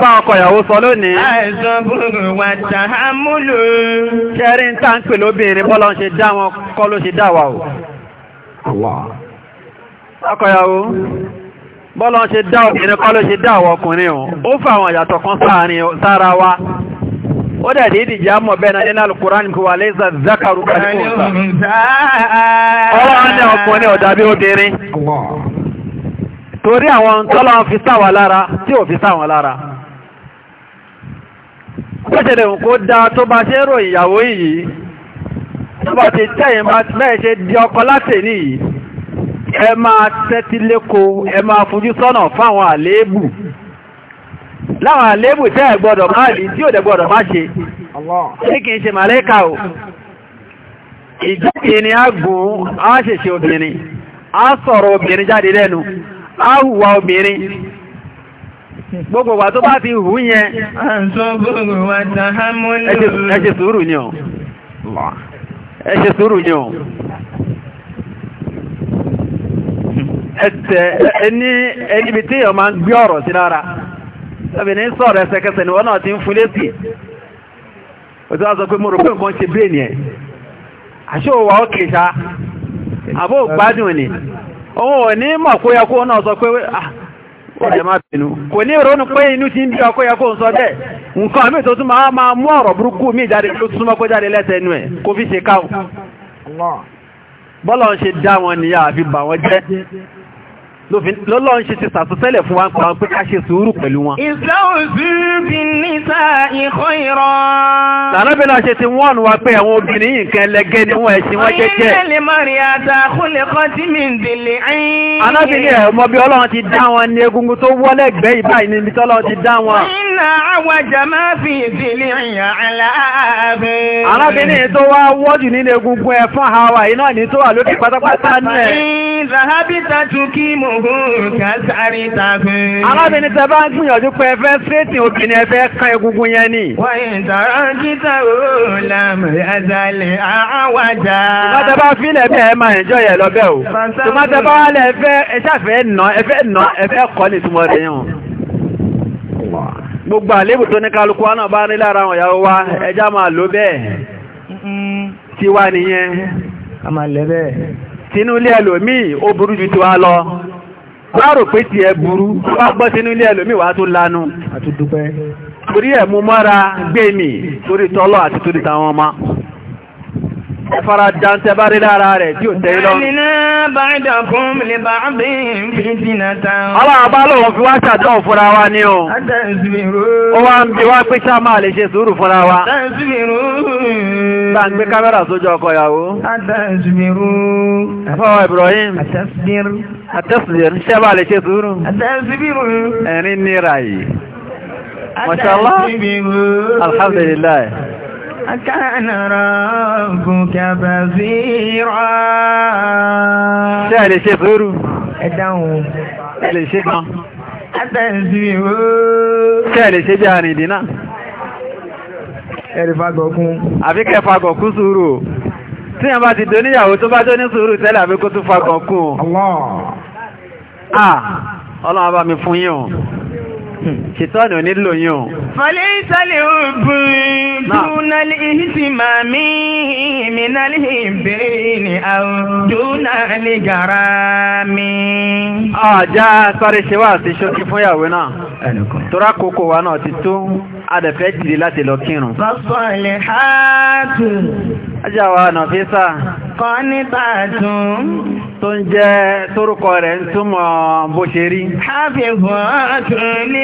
Speaker 1: bá ọkọ ìyàwó sọ lónìí. àìsàn búrú wà tà á múlò. ń pè lóbìnrin bọ́lá ń ṣe dá wọn kọ́ ló ṣe dá wa o. ọkọ ìyàwó bọ́lá ń ṣe dá obìnrin kọ́ ló ṣe wa ó dẹ̀ bẹ́ẹ̀ náà nínú wà zakaru kàlífòsà ọlọ́run torí àwọn tọ́lọ́ fi sáwọn lára tí ò fi bọ́sẹ̀lẹ̀ kó dá tó bá ṣe rò ìyàwó yìí tó bá ti tẹ́yìn bẹ́ẹ̀ ṣe di ọkọ láti ní yìí ẹ máa tẹ́tí léko ẹ máa fojú sọ́nà fáwọn àléébù láwọn àléébù tẹ́ ẹ máa tí ò má
Speaker 4: ṣe ṣe màlẹ́kà
Speaker 1: a gbogbo wa tó bá ti hù yẹn ẹ sùúrù ni o ẹ sùúrù ni o ẹ̀tẹ̀ ẹni ẹnibi tí èèyàn máa ń gbé ọ̀rọ̀ sí lára ẹbí ní sọ̀rọ̀ ni wọ́n náà ti ń fún létí ó wá sọ pé mo rò pé nǹkan ṣe bẹ́ẹ̀ nìyẹn àṣọ òwà ó kèṣà àbó gbádùn ni òun ò ní mọ̀ kó yẹ kó náà sọ pé ah, ẹ má bínú kò ní ìrònú pé inú ti ń bí ọkọ yẹ kó ń sọ bẹ́ẹ̀ nǹkan mi tó tún máa máa mú ọ̀rọ̀ burúkú mi jáde ló tún mọ́ kó jáde lẹ́sẹ̀ inú ẹ̀ kó fi ṣe káwọn bọ́lọ̀ ń ṣe dá wọn níyà àfi bà wọ́n jẹ́ lọ́lọ́ ń ṣe ti sàtúnṣẹ́lẹ̀ fún wa ń pa pé ká ṣe sùúrù pẹ̀lú wọn.
Speaker 2: ìsáòsù bí nísà ìkọ́ ìrọ̀.
Speaker 1: lànàbìnà ṣe ti ni wọ́n ẹ̀sìn wọ́n jẹ́jẹ́.
Speaker 2: oyin fi ìdílé ìyàn aláàbẹ̀. arábìnrin tó wá wọ́jù
Speaker 1: nínú egungun ẹ̀fọn àwa iná ní tó wà
Speaker 2: Ìnáwó kẹsàrí tàbí.
Speaker 1: Arábìnrin tẹ bá ń gbìyànjú pé ẹ fẹ́ fẹ́tì obìnrin ẹ fẹ́ kan egungun yẹn ni.
Speaker 2: Wọ́n ìtọ́rọ̀ títà ó làmù bí
Speaker 1: ẹ máa ẹ̀jọ́ yẹ lọ́bẹ̀ o. Tòmátẹ́ bá wálẹ̀ ẹ fẹ́ ẹ ṣàfẹ́ nà ẹ fẹ́ nà ẹ fẹ́ kọ́ ní ìtumọ̀ rẹ̀ yàn gbogbo àlébù tó ní kálukú wa náà bá ní lára àwọn ìyàwó wa ẹjá máa lò bẹ́ẹ̀ tí wá nìyẹn tinú ilé ẹlòmíì ó burú ju tiwa lọ láàrò pé ti ẹ burú bá gbọ́ sínú ilé ẹlòmíwà tó lanu torí ẹ̀ mú mọ́ra gbé mi torí tọ́lọ́ àti torí tàwọn ọmọ ẹfara dáńtẹ́ bá rí lára rẹ̀ tí ò tẹ́ lọ.
Speaker 2: ẹ̀mìnà bàdà fún mi bá bí fìtínà fi wá ṣàdán fúnra wa ni o. ó wá ń bi wá
Speaker 1: pé ṣá máa lè ṣe sùúrù fúnra wa. bá ń gbé kámẹ́rà sójú ọkọ̀ ìyàwó. ẹ̀fọ́ Ibrahim. àtẹ́sìlérù ṣé bá lè ṣe sùúrù. ẹ̀rín nira yìí. Masha Allah. Alhamdulillah.
Speaker 2: كان ربك بصيرا ṣẹ́ẹ̀lẹ̀ ṣe fẹ́rù ẹ̀dáhùn
Speaker 1: ẹ̀lẹ̀ ṣe kan àtẹ̀síwò ṣẹ́ẹ̀lẹ̀ ṣe bí àrìndínà ẹ̀rì fagọ̀kún àfikẹ́ fagọ̀kún sùúrù tí ẹ bá ti dò níyàwó tó bá tó ní sùúrù tẹ́lẹ̀ àbíkó tún fagọ̀kún ah, ọlọ́run bá mi fún yín ṣètọ́nù nílò yíò.
Speaker 2: fọlẹ́ ìsàlẹ̀ òbùn dúnàlì ìhìsì máa mí ìmìnàlì ìbèrè ní àwọn dúnàlì gàrà mi.
Speaker 1: ọjà sọ́rí ṣe wá sí ṣókí fún ìyàwó náà tọ́rá kókó wa náà ti tó adẹ̀fẹ́ dìde láti lọ kírun. fọ́sọ̀lẹ̀ háàtù. ajá wa fi sá. kọ́ ní tààtùn. tó ń jẹ́ tórúkọ rẹ̀ ń túmọ̀ bó ṣe rí. háàfin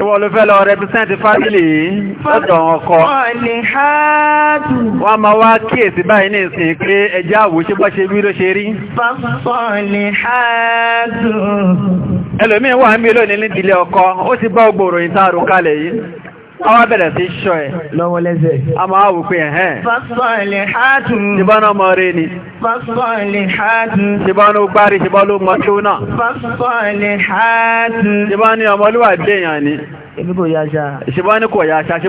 Speaker 1: Ìwọ ló fẹ́ lọ rẹpísẹ́ntì fámílì yìí lọ́dọ̀ ọkọ. Wọ́n máa wá kíyèsí báyìí ní ìsìn pé ẹjá àwò ṣe bọ́ ṣe bí ló ṣe rí. Ẹlòmíín wà ń bí lónìí ní ìdílé ó ti bá gbòòrò ìtàrùn kalẹ̀ yìí. Àwọn abẹ̀rẹ̀ sí ṣọ́ ẹ̀. Lọ́wọ́ lẹ́sẹ̀. A máa wù pé ẹ̀hẹ́n. Fásọ̀lì hátùn. Ṣìbọ́nà ọmọ rẹ̀ ni. Fásọ̀lì hátùn. Ṣìbọ́nà ó gbárí ṣìbọ́n ló mọ́ tó náà. Fásọ̀lì hátùn. Ṣìbọ́nà ni èmi kò yá aṣá. ìṣèbá ní kò yá aṣá ṣe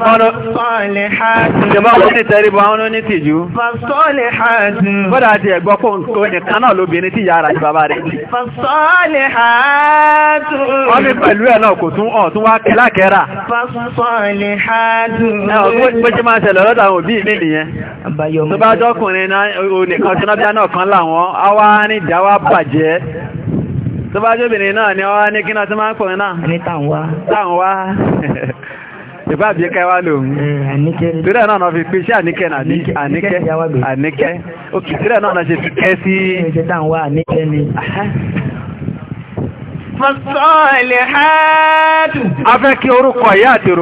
Speaker 1: ní tìjú. fàṣọlẹ̀ hàdùn. bọ́dà àti náà lóbìnrin tí yàrá àti bàbá rẹ̀.
Speaker 2: wọ́n mi pẹ̀lú ẹ̀
Speaker 1: kò tún ọ̀ tún wá kẹlákẹ́ra. fàṣọlẹ̀ hàdùn. tó bá jóbìnrin náà ni ọwá ní kíná tí máa ń pọ̀ náà ní tàǹwá tàǹwá ìbá bí kẹwàá lòun tírẹ̀ náà náà fi pín sí àníkẹ́ àníkẹ́ àníkẹ́ náà náà ṣe fi kẹ́ sí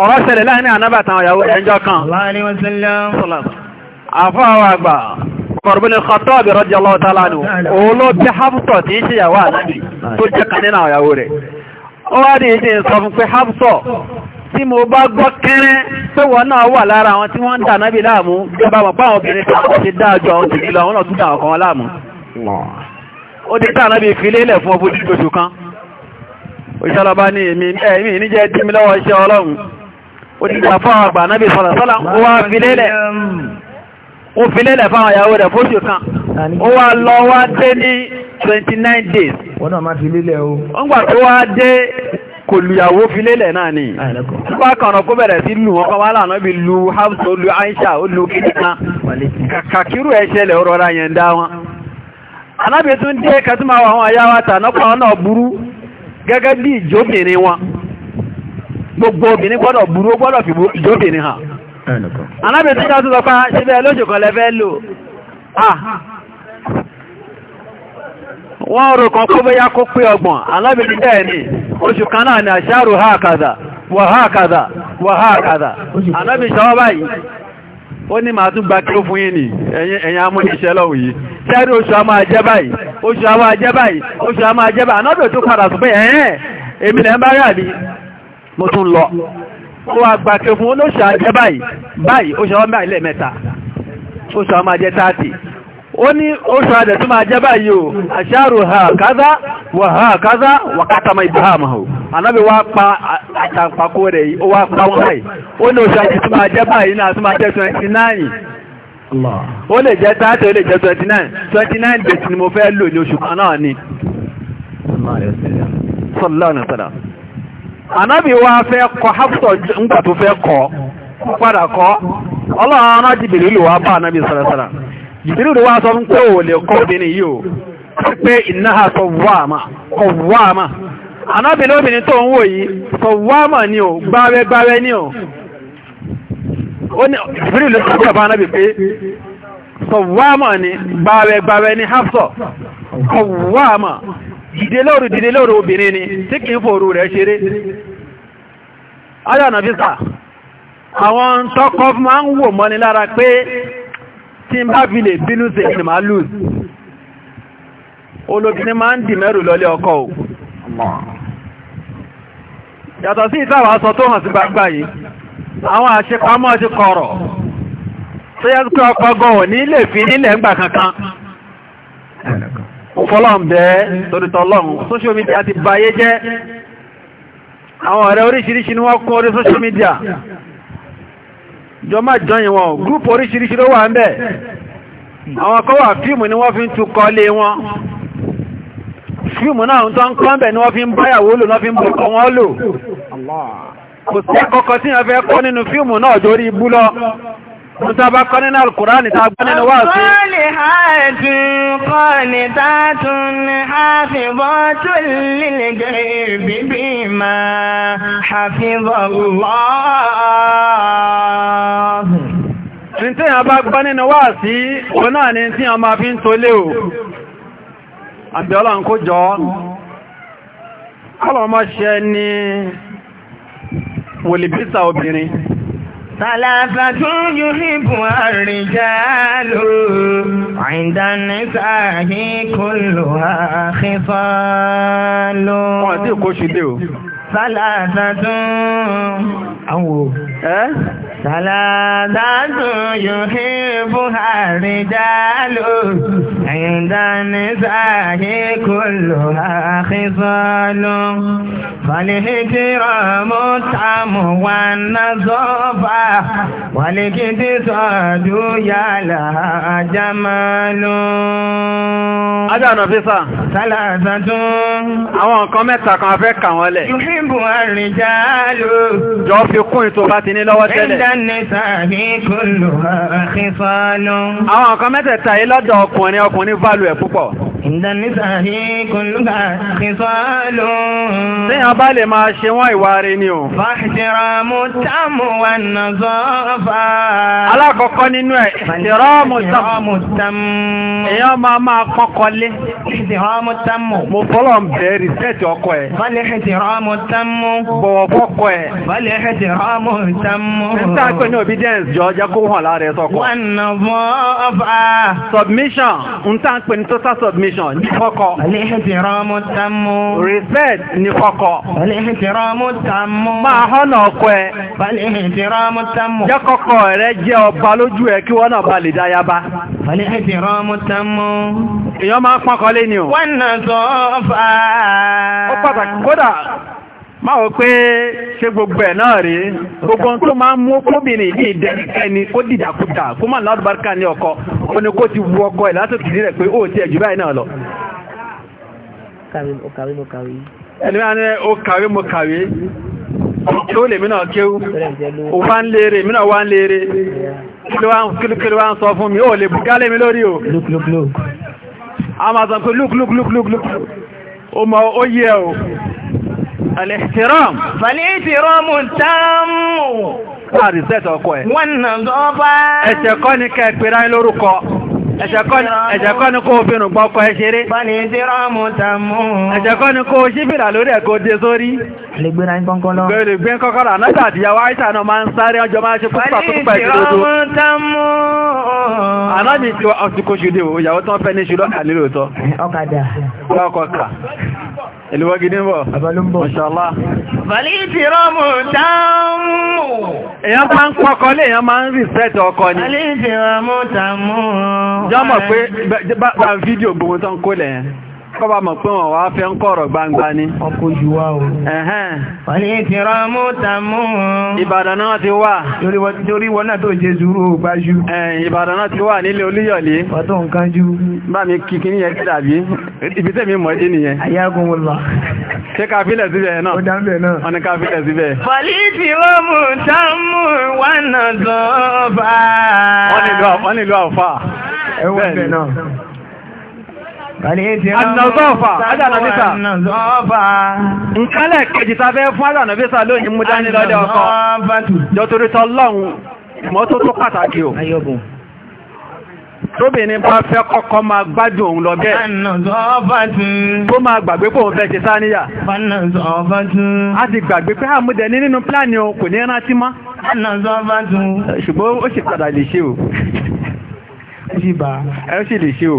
Speaker 1: ọ̀rọ̀ ṣẹlẹ̀ láàrin ànábì àtàwọn ìyàwó ẹjọ́ kan àfáwà àgbà kọ̀rọ̀bìnrin Khattab radiyallahu ta'ala anhu olóòbí Hafsa tí í ṣe ìyàwó ànábì tó jẹ́ kan nínú àyàwó rẹ̀ ó wá dì í ṣe sọ fún pé Hafsa tí mo bá gbọ́ kẹ́rẹ́ tó wọ́n náà wà lára àwọn tí wọ́n ń dà náàbì láàmú jọba mọ̀ pàwọn obìnrin tó ṣe dáàjọ́ fún ọbójú oṣù kan òṣìṣọ́lọ́bá ní èmi ẹ̀mí níjẹ́ tí mi lọ́wọ́ iṣẹ́ ọlọ́run ó ti gbà fún àgbà náàbì sọ́lọ̀sọ́lá ó wá filélẹ̀ fáwọn ìyàwó rẹ̀ fóṣù kan ó wá lọ wá dé ní 29 days wọ́n náà má o ó gbà tó wá dé kò lùyàwó filélẹ̀ náà ni nípa kànà kó bẹ̀rẹ̀ sí lù wọn lu Aisha kàkírù ẹ̀ṣẹ̀lẹ̀ yẹn dá wọn anábìtún dé kẹtùmáwà àwọn náà kọ́ gẹ́gẹ́ bí ìjóbìnrin wọn gbogbo obìnrin gbọ́dọ̀ burú gbọ́dọ̀ fi ìjóbìnrin hàn alábìnrin tí káàtù lọ́pá síbẹ̀ lóṣù lẹ́fẹ́ lò wọ́n rò kan kó bẹ́yá kó pé ọgbọ̀n ni oṣù kan náà ni háàkàdà ó ní màá tún gba kí ó fún yín ní ẹ̀yìn amúniṣẹ́ lọ́wọ́ yìí tẹ́rù oṣù àmà jẹ́ báyìí oṣù àmà jẹ́ báyìí oṣù àmà jẹ́ báyìí anọ́dọ̀ tó padà sọ pé ẹ̀ẹ́n èmi lẹ́ bá rà ní mo tún lọ ó wá gba kí ó fún oṣù àmà ilẹ̀ oṣù àmà jẹ́ 30 ó ní oṣù àdẹ̀ tó máa jẹ́ báyìí o àṣàrò ha kaza, wà ha kádá wà kátàmà ìbáhàmà o anábi wá pa àtàǹpàkó rẹ̀ ó wá pa wọ́n láì ó ní oṣù àdẹ̀ jẹ́ báyìí náà tó máa jẹ́ 29 ó lè jẹ́ 30 ó lè jẹ́ 29 29 ni mo fẹ́ lò kọ hapsọ̀ tó fẹ́ kọ́ padà kọ́ ọlọ́run jìbìrìlù wá sọ fún pé ò lè kọ́ obìnrin yìí o pé ìnáhà sọ wáàmà ọ̀wáàmà anábìnrin obìnrin tó ń wò yìí sọ wáàmà ni o gbáwẹ́ gbáwẹ́ ni o jìbìrìlù sọ fún bàbá anábì pé sọ wáàmà ni gbáwẹ́ gbáwẹ́ ni hafsọ ọ̀wáàmà dìde lóru dìde lóru obìnrin ni tí kì í fòru rẹ̀ ṣeré ayọ̀ nàbísà àwọn tọ́kọ́ máa ń wò mọ́ni tí ń bá fi lè bínú sí ẹni máa lùs olóbìnrin máa ń dì mẹ́rù lọlé ọkọ o yàtọ̀ sí ìtàwà sọ tó hàn sí gbangba yìí àwọn àṣepamọ́ ti kọ̀rọ̀ tó yẹ kí ọkọ gọ̀ọ̀ ní ilé fi nílẹ̀ ńgbà kankan fọ́lọ́n social media ti bayé jẹ́ àwọn ọ̀rẹ́ oríṣiríṣi ni wọ́n social media jọ má jọyìn wọn gúrùpù oríṣiríṣi ló wà ń bẹ̀ àwọn kan wà fíìmù ni wọ́n fi ń tukọ̀ lé wọn fíìmù náà tó ń kọ́ bẹ̀ ni wọ́n fi ń báyàwó lò lọ́ fi ń bọ̀kọ̀ wọn lò kò sí ẹ̀kọ́kọ́ tí wọ́n fẹ́ kọ́ nínú fíìmù náà jórí ibú Musa bá kọ́ nínú Alkùránì tá a gbọ́ nínú wá sí. Ọ̀pọ̀lì
Speaker 2: hajjú kọ́ ní tààtún àfihàn tó lílẹ̀ gẹ̀rẹ̀ bíbí
Speaker 1: máa àfihàn lọ́ọ̀ tí a bá gbọ́ nínú wà sí náà ni tí a máa fi ń tolé o àbí ọlọ́run kó jọ ọlọ́run máa ṣe ní wòlìbísà obìnrin Sàlàfàtú
Speaker 2: yúhìbù àrìjálù, àìdánítà àhíkùlù àkífàálù. Wọ́n tí kò ṣe dé o. Sàlàfàtú. Àwọn o. Ẹ́? Sàlàfàtú yúhìbù àrìjálù, àìdánítà àhíkùlù àkífàálù. فالهجر متعم والنظافة wàlégédé sọ́dú yàlá àjámálú.
Speaker 1: Ajáànà fífà. Sálàsà tún. Àwọn nǹkan mẹ́ta kan fẹ́ kà wọ́n lẹ̀. Yùhìbù àrìjálù. Jọ fi kún ìtò bá ti ní lọ́wọ́ tẹ́lẹ̀. Ẹ̀dánì sàbí kúlù àkífánú. Àwọn nǹkan mẹ́tẹ̀ẹ̀ta yìí value ẹ̀
Speaker 2: ìdánisáhí kùlùkà ti sọ́ọ̀lù. Tí a bá lè máa ṣe wọ́n ìwà rẹ̀ ni o. Alákọ̀ọ́kọ́ nínú ẹ̀, ìṣìrọ́mù táàmù. Èyàn máa máa pọ́kọlé. Ìṣìrọ́mù
Speaker 1: Mo fọ́lọ̀ ń bẹ̀ẹ́ rìsẹ́ẹ̀tì ọkọ
Speaker 2: ẹ̀. Bọ̀wọ̀ fọ́kọ ẹ̀. Fọ́lẹ̀ ìṣìrọ́mù táàmù. Nígbà
Speaker 1: pé jọ jẹ́ kó hàn lára ẹ̀ Submission, ń tà ń pè ní submission consideration ní kọ́kọ́. Al-ihtiramu tammu. Respect ní kọ́kọ́.
Speaker 2: Al-ihtiramu tammu. Máa họ́nà ọkọ ẹ. Al-ihtiramu tammu. Jẹ́ kọ́kọ́
Speaker 1: rẹ jẹ́ ọba lójú ẹ kí wọ́n náà ba lè dá yaba. Al-ihtiramu tammu. Èèyàn máa ń pọ́nkọ́lé ni o. Wọ́n náà sọ fà á. Ó pàtàkì kódà máa wọ pé ṣe gbogbo ẹ̀ náà rí gbogbo ohun tó máa ń mú kóbìnrin ní ìdẹ́ni kó dìdàkúta kó máa náà dùbárkà ní ọkọ ó ní kó ti wu ọkọ ẹ̀ látòkì ní rẹ̀ pé ó ti ẹ̀jú báyìí náà lọ. ẹni máa ní ó kàwé mo kàwé tó lè mí náà kéwú ó wá ń léèrè mí náà wá ń léèrè kíló wá ń sọ fún mi ó lè bùkálẹ̀ mi lórí o. a máa sọ pé lúkúlúkúlúkúlúkú ó mọ ó yẹ o. Al-ihtiram. Fal-ihtiramu tammu. Láàrin sẹ́tọ̀ ọkọ̀ ẹ̀. Wọ́n nà dọ́bá. Ẹ̀ṣẹ̀ kọ́ ni kẹ́ pèrà lórúkọ. Ẹ̀ṣẹ̀ kọ́ ni kó obìnrin gbọ́ ọkọ̀ ẹ ṣeré. Fal-ihtiramu tammu. Ẹ̀ṣẹ̀ kọ́ ni kó ṣíbìrà lórí ẹ̀kọ́ dé sórí. Lè gbé ra kọ́kọ́ lọ. Gbé gbé kọ́kọ́ rà náà àti ìyàwó àìsàn náà máa ń sáré ọjọ́ máa ṣe púpà púpà ìṣòro. Fal-ihtiramu tammu. Àná mi ti ọtí kó ṣùdé ìyàwó tó ń fẹ́ ní ṣùlọ́kà lílòótọ́. Ọkàdà. Ọkọ̀ kà ìlúwọ́ gidi ń bọ̀ Mashallah
Speaker 2: bàlí ti rọ́mù dáàmù èyàn máa ń pọkọ
Speaker 1: lé èyàn máa ń rìsẹ́ẹ̀tì ọkọ ni bàlí ti rọ́mù dáàmù jọ́mọ̀ pé bá fídíò gbogbo tán kó lẹ́yìn kọ́bà mọ̀ pé wọ́n wá fẹ́ ń kọ̀rọ̀ gbangba ní. ọkọ̀ jù wá o. wàlẹ̀ ti rán mú tàmú. Ìbàdàn náà ti wà. torí wọn náà tó jẹ zuru gbájú. Ìbàdàn náà ti wà nílé Olúyọ̀lé. ọ̀tọ̀ nǹkan jú. bá mi kìkì ní yẹn dàbí ibi tẹ́mi mọ̀ dé nìyẹn. àyàgùn wọn lọ. ṣé ká fílẹ̀ síbẹ̀ náà. ó dá bẹ̀ náà. wọ́n ní ká fílẹ̀ síbẹ̀.
Speaker 2: wàlẹ̀ ẹ̀wọ̀n bẹ̀ náà.
Speaker 1: Ànàzọ́fà, Adànàbísà. Nkálẹ̀ Tóbìnrin bá fẹ́ kọ́kọ́ máa gbádùn òun lọ bẹ́ẹ̀. Tó máa gbàgbé pé òun fẹ́ ṣe sáníyà. A ti gbàgbé pé àmúdẹ ní nínú pláàni o kò ní rántí mọ́.
Speaker 3: Ṣùgbọ́n ó ṣe padà lè ṣe o. Ẹ ṣì lè ṣe o.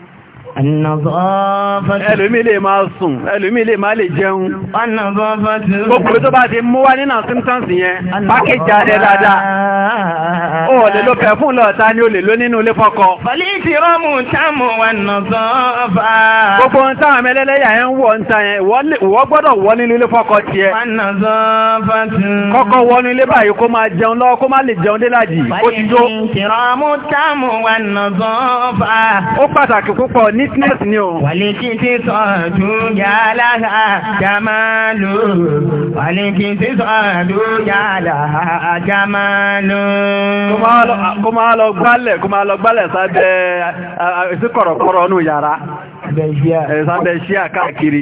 Speaker 1: Ẹlùmí lè máa sùn, ẹlùmí lè máa lè jẹun. Gbogbo tó bá ti mú wá nínà symptoms yẹn, pákéjì adẹ dáadáa.
Speaker 2: Ó lè ló pẹ̀
Speaker 1: fún lọ́ọ̀ta ni ó lè ló nínú ilé fọ́kọ.
Speaker 2: Fọ́lí ti rọ́mù táàmù wà nàzọ́fà.
Speaker 1: Gbogbo ohun táwọn ẹlẹ́lẹ́yà yẹn ń wọ̀ ń ta yẹn, ìwọ gbọ́dọ̀ wọ nínú ilé fọ́kọ tiẹ̀. Kọ́kọ́ wọ nínú ilé báyìí kó máa jẹun lọ́wọ́ kó neatness ni o. wàlẹ̀
Speaker 2: kí ti sọ̀dún yàrá àjàmálò wàlẹ̀ kí
Speaker 1: ti sọ̀dún yàrá àjàmálò. kó máa lọ gbálẹ̀ kó máa lọ gbálẹ̀ sábẹ́ sí kọ̀rọ̀kọ̀rọ̀ nù yàrá sábẹ́ ṣíà káàkiri.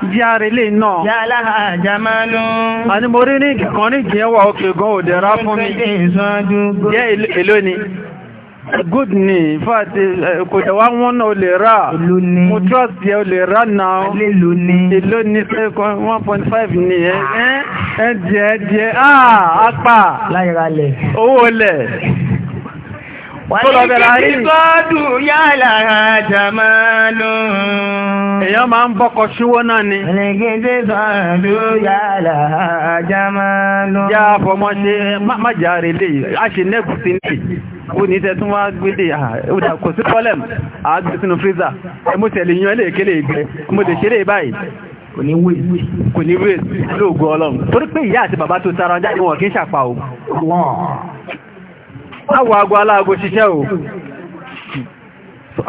Speaker 1: yáre lè náà. Yálà àjàmánú. A ní mo rí ní ìkẹ̀kan ní ìjẹ́ wà òkè gan òdẹ̀rá fún mi. Jẹ́ èlò ni. Good ni, fàtí eh, kò tẹ̀wá wọ́n náà lè rà. Èlò ni. Mo trust yẹ o lè rà náà. Èlò ni. Èlò ni ṣe five ni ẹ. Ah. Ẹ jẹ́ jẹ́ ah apá. Láyìíralẹ̀. Owó lẹ̀.
Speaker 2: Èèyàn
Speaker 1: máa ń bọ́kọ̀ ṣíwó náà ni. Ẹnìgídé sọ́ọ̀dú yà láàá Yá fọmọ́ ṣe májá rẹ̀ lè, a ṣe nẹ́kù sí ní. Ó ní tẹ́ tún wá gbélé, kò sí pọ́lẹ̀m, àádùn sínú fríza. Ẹ tẹ̀lé yán lè ìgbẹ́, mo lè ṣeré báyìí kò ní kò ní lóògùn ọlọ́run torí pé ìyá àti bàbá tó tara jáde wọn kì í àwọ̀ agbó aláàgbó ṣiṣẹ́ ò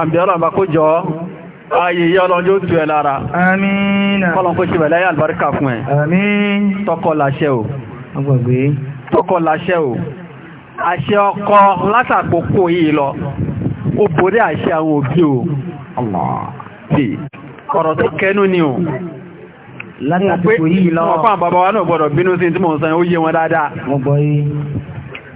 Speaker 1: àmì ọlọ́mà kó jọ ayé yẹ́ ọlọ́njọ́ tó ẹ lára kọ́lọ̀n kó ṣẹlẹ̀ láyé àlùbáríkà fún ẹ tọ́kọ láṣẹ ò tọ́kọ láṣẹ ò àṣẹ ọkọ látàkókò yìí lọ ó borí àṣẹ àwọn òbí ò ọ̀rọ̀ tó kẹnu ni ò látàkókò yìí lọ ọ̀pá àbàbà wa náà gbọ́dọ̀ bínú sí tí mò ń ó yé wọn dáadáa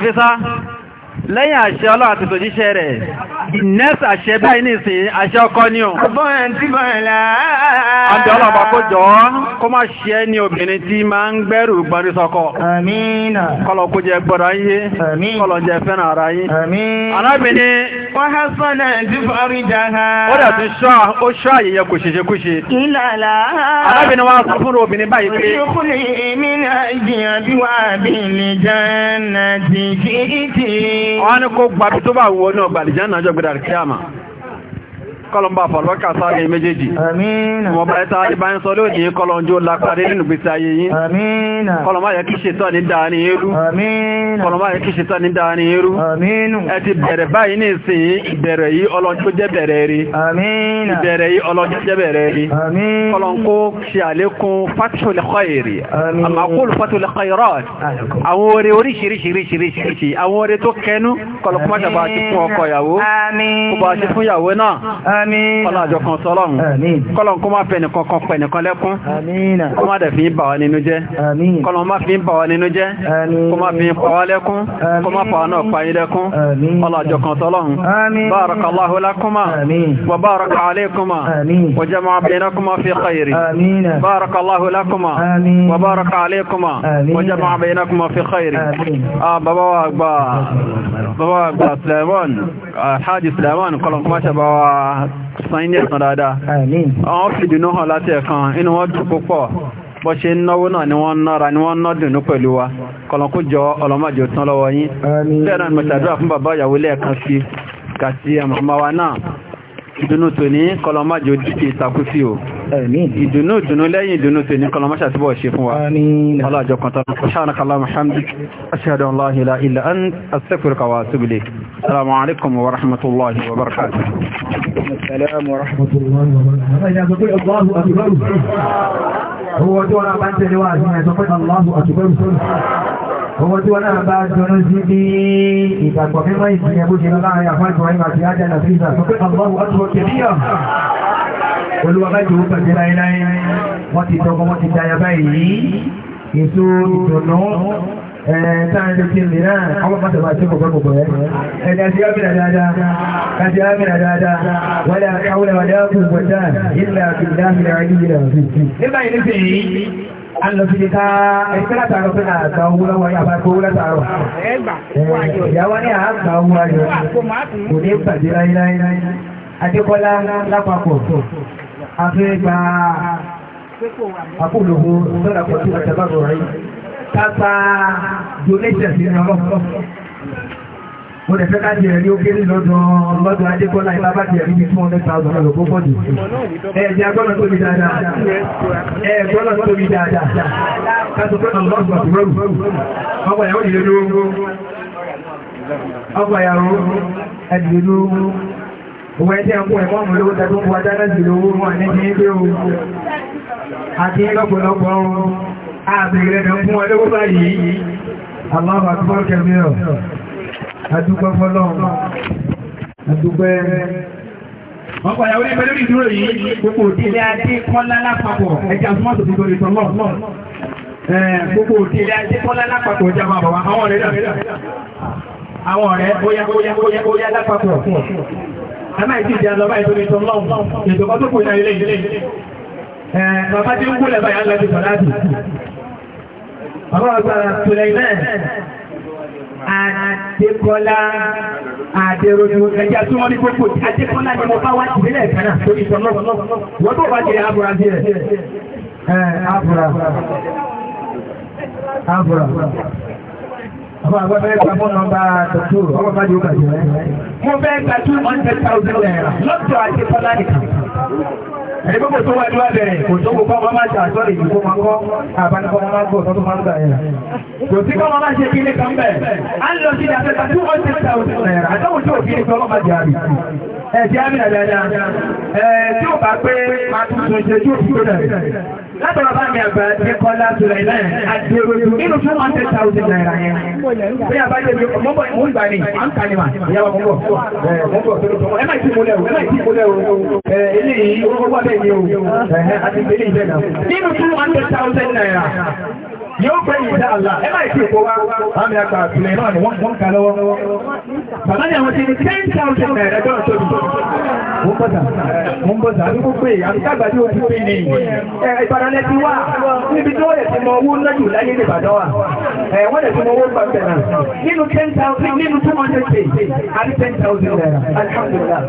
Speaker 1: fi sá lẹ́yìn àṣẹ ọlọ́wà ti tòjíṣẹ́ rẹ̀ nẹ́ẹ̀sì àṣẹ báyìí ní ìsìn àṣẹ ọkọ ní o ọdọ̀ ọlọ́pàá kó jọ kó má ṣe ní obìnrin tí máa ń gbẹ́rù gbọ́nrí sọ́kọ kọlọ̀ kó jẹ gbọ́rọ̀ ayé kọlọ̀ jẹ fẹ́ràn ara yín arábìnrin ó dẹ̀
Speaker 2: bí wà bí ilẹ̀ jẹ́ náà ti fi ìtì
Speaker 1: wọ́n ní kó gbàbí tó bá wọ́n náà gbàlìjá náà jọ gbẹ̀dà kíyàmà kọlọmbà fọ̀lọ́kà sáré méjèèjì mọ̀ bá ẹta ìbá ń sọ lónìí kọlọmjú lápàdé nínú gbèsè ayé yìí kọlọmá yẹ kí ṣetọ́ ní dáàrin eru kọlọmá yẹ kí ṣetọ́ ní dáàrin eru ẹ ti bẹ̀rẹ̀ báyìí ní ìsìn ìbẹ̀rẹ̀ yìí ọlọ́jọ́ jẹ́ bẹ̀rẹ̀ rí ìbẹ̀rẹ̀ yìí ọlọ́jọ́ jẹ́ bẹ̀rẹ̀ rí kọlọ̀nkó ṣe àlékún fatul khairi àmàkúlù fatul khairat àwọn oore oríṣiríṣiríṣiríṣi àwọn oore tó kẹnu kọlọ̀kọ́ máṣàbà ti fún ọkọ ìyàwó kọba ti fún ìyàwó náà Kọ́lájọ kan sọ́lọ́run. Kọ́lọ̀n kó má fẹ́ nìkan kan pẹ̀ nìkan lẹ́kún. Kó má dẹ̀ fi ń bà wá nínú jẹ́. Kọ́lọ̀n má fi ń bà wá nínú jẹ́. Kó má fi ń pa wá lẹ́kún. Kó má pa wá náà pa yín lẹ́kún. Kọ́lájọ kan sọ́lọ́run. Barakallahu fi khayri. Barakallahu lakuma. Wa baraka alaykuma. Wa jama'a fi khayri. Ah, bàbá wa gbà. Bàbá wa gbà Sulaiman. Alhaji Sulaiman kọ́lọ̀n kó má bá wa sáyé ẹ̀sán dáadáa àwọn fi dùnú hàn láti ẹ̀kan inú wọn dùn púpọ̀ bọ́ ṣe ń náwó náà ni wọ́n nára ni wọ́n ná dùnú pẹ̀lú wa kọlọ̀kú jọ ọlọ́màjò tán lọ́wọ́ yín tẹ́ẹ̀nà fún bàbá ìyàwó lẹ́ẹ̀kan sí náà tòní kọlọ̀màjò ìtakú sí ìdùnnú ìdùnnú lẹ́yìn ìdùnnú tó ní kọlọmọ́ṣà tí bọ́ ṣe fún wa alájọ kọntàrà ṣánàkàlá muhammadu ashhadu an la ilaha illa ant astaghfiruka wa atubu ilayk assalamu alaikum wa rahmatullahi wa barakatuh
Speaker 2: assalamu wa rahmatullahi
Speaker 5: wa هو دون أبانت لوازمة owó tí wọ́n náà bá jọrọ sí bí ìgbàgbọ́ mímọ́ ìsìnkẹ bó ṣe láàrin àfáàjọ́ ìwà tí á jẹ́ nàfíìsà gbàgbé láíláí wọ́n ti tọ́gbọ́ wọ́n ti dáyà báyìí èso ìdùnnú táàrin tí lè náà ọlọ́pàá bá ṣe gbogbogbò rẹ̀ ẹni àti àmìnà dáadáa àti àmìnà dáadáa wọ́lá káwọ́lá wà dáàkù gbọ́dá ilẹ̀ àfìdáàmìnà àríyìn àti ìsìn nígbà ìrìnfẹ̀ yìí alọ́fíì ká ẹgbẹ́ látàrọ pé àgbà owó lọ́wọ́ yà bá gbówó látàrọ ìyàwó ní àgbà owó ayọ̀ kò ní bàjẹ́ láíláí adékọ́lá lápapọ̀ àfẹ́gbà àpòlòwò sọ́dà pọ̀tù àtàbàbọ̀ rẹ̀ tàbà donation sí ní ọlọ́pọ̀ mo lè fẹ́ ká jẹ ẹ̀rí ó kéré lọ́dún lọ́dún adékọ́lá ìbábá jẹ ẹ̀rí two hundred thousand naira lọ́gbọ́n pọ̀ jù ẹ̀ẹ́dì agbọ́nà tóbi dáadáa ẹ̀ẹ́gbọ́nà tóbi dáadáa kátó pé ọlọ́gbà tó rọrù ọgbà ìyàwó ìlérí ogun ọgbà ìyàwó ẹ̀dìlérí ogun Òwò ẹjẹ́ ẹkùn ẹ̀kọ́ mú lówó tẹ́tún fún ajá lẹ́sì lówó wọn ní kí ń gbé o. Àti lọ́pọ̀lọpọ̀ ohun, àbẹ̀rẹ̀ ẹ̀dọ̀ fún ọlọ́wọ́ báyìí. Aláwọ̀ àtúbọ̀ kẹmíràn, àdúgbọ́ fọ́lọ́run, àdúgbẹ́ Ọkọ̀ ìyàwó ní pẹ̀lú ìdúró yìí, gbogbo òdílé adé kọ́lá lápapọ̀, ẹja súnmọ́ tòbí tó lè sọ lọ́ọ̀. Gbogbo òdílé adé kọ́lá lápapọ̀, ẹja máa bọ̀ wá, àwọn ọ̀rẹ́ náà, àwọn ọ̀rẹ́ bóyá bóyá bóyá lápapọ̀ ẹmà ìdí ìjẹ́ lọ báyìí tó ní tọ́ lọ́wọ́ ìjọba tó kù ilẹ̀ ilé bàbá tí ń kú lẹ̀ báyìí alábi sọ̀láàbì bàbá àgbà Suleiman Adékọ́lá Adéròjú ẹjẹ́ tí wọ́n ní gbogbo Adékọ́lá ni mo bá wá ìbílẹ̀ kanáà tó ní tọ́ lọ́wọ́ wọ́n tó bá jẹ́ àbúrà sí rẹ̀ àbúrà àbúrà Àwọn àgbẹ̀fẹ́ gba fún nọ́mbà tòtò ọmọ bá yóò bàjẹ́ rẹ̀. Mo fẹ́ gba two hundred thousand naira lọ́tọ̀ àti Fọlá nìkan. Ẹni gbogbo tó wà ní wàbẹ̀ rẹ̀ kò tó gbogbo ọmọ máa ṣàtọ́ lè yìí kó máa kọ́ àbánikọ́ máa gbọ́ ọ̀tọ́ tó máa ń gbà yẹn. Kò sí kọ́ máa máa ṣe kí ní kan bẹ̀. A ń lọ sí ìdàpẹ́ ta two hundred thousand naira àtọ́wò tí òfin ìfẹ́ ọlọ́mọ jẹ́ àmì bí abájẹ́ mi mọ́bọ̀ mú ìgbà ni à ń kàlìmà ìyàwó mọ́bọ̀ mọ́bọ̀ tó lọ́pọ̀ ẹ máa ti múlẹ̀ o o eléyìí orúkọ wà bẹ́ẹ̀ ni o àti ìgbélé ìbẹ̀ náà. nínú two hundred thousand naira yóò àlá ẹ máa ti kó wa àmì àgbà àtìlẹ̀ náà ni wọ́n kà lọ́wọ́. bàbá ni àwọn ti ní ten thousand tóbi mú bọ́ta mú bọ́ta àdúgbò pé àbíkàgbà tí ó ti pé ní ìbàdànlẹ̀ ti wà níbi tí ó yẹ̀ ti mọ owó lọ́jù láyé ní Ìbàdàn wa wọ́n yẹ̀ ti mọ owó gbàgbẹ̀ náà nínú 10,000 nínú 200 pay àti 10,000 naira alhamdulillah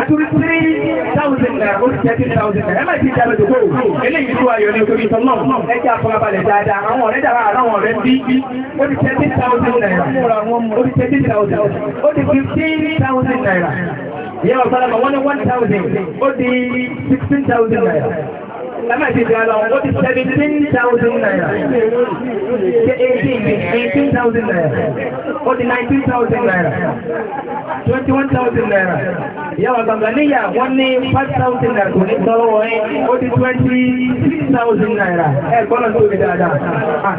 Speaker 5: àtúrí 3,000 naira ó ti 13,000 naira ẹ má ti jẹ́ àlejò kó eléyìí tí wà yọ ní orí ìtọ́ náà ẹ jẹ́ àfọlábalẹ̀ dáadáa àwọn ọ̀rẹ́ dára àwọn ọ̀rẹ́ bí ó ti 13,000 naira ó ti 13,000 ó ti 15,000 naira yawa salama wani 1,000 ko di 16,000 ẹmẹ́ ti bẹ̀rẹ̀ lọ ó ti seventeen thousand naira ṣe eighteen eighteen thousand naira ó di nineteen thousand naira twenty one thousand naira ìyàwó àgbàgbàníyà wọ́n ní five thousand naira kò ní tọ́lọ́wọ́ ẹ́ ó di twenty six thousand naira ẹ gbọ́dọ̀ tó mi dáadáa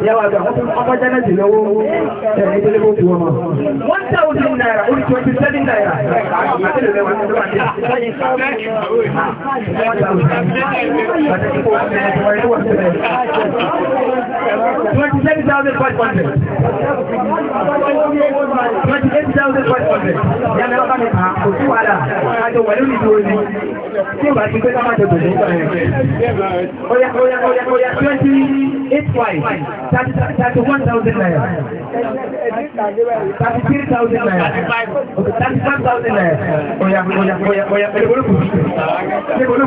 Speaker 5: ìyàwó àgbà ọmọ jẹ́nẹ́sì lọ́wọ́ ẹ̀ ní tẹ́lẹ̀ bó ti wọ́n mọ́ one thousand naira ó di twenty seven naira ẹ̀ 28,500. 28,500. Yàmẹ́lá bá mi kàá, kò sí wàhálà, àjọ wà lórí ìdúró ní. Tí ó bá ti pé ká máa jẹ̀bọ̀ nígbà rẹ̀. Oya, oya, oya, oya, 28,500. 31,000 naira. 33,000 naira. 35,000 naira. Oya, oya, oya, oya, oya, oya, oya, oya,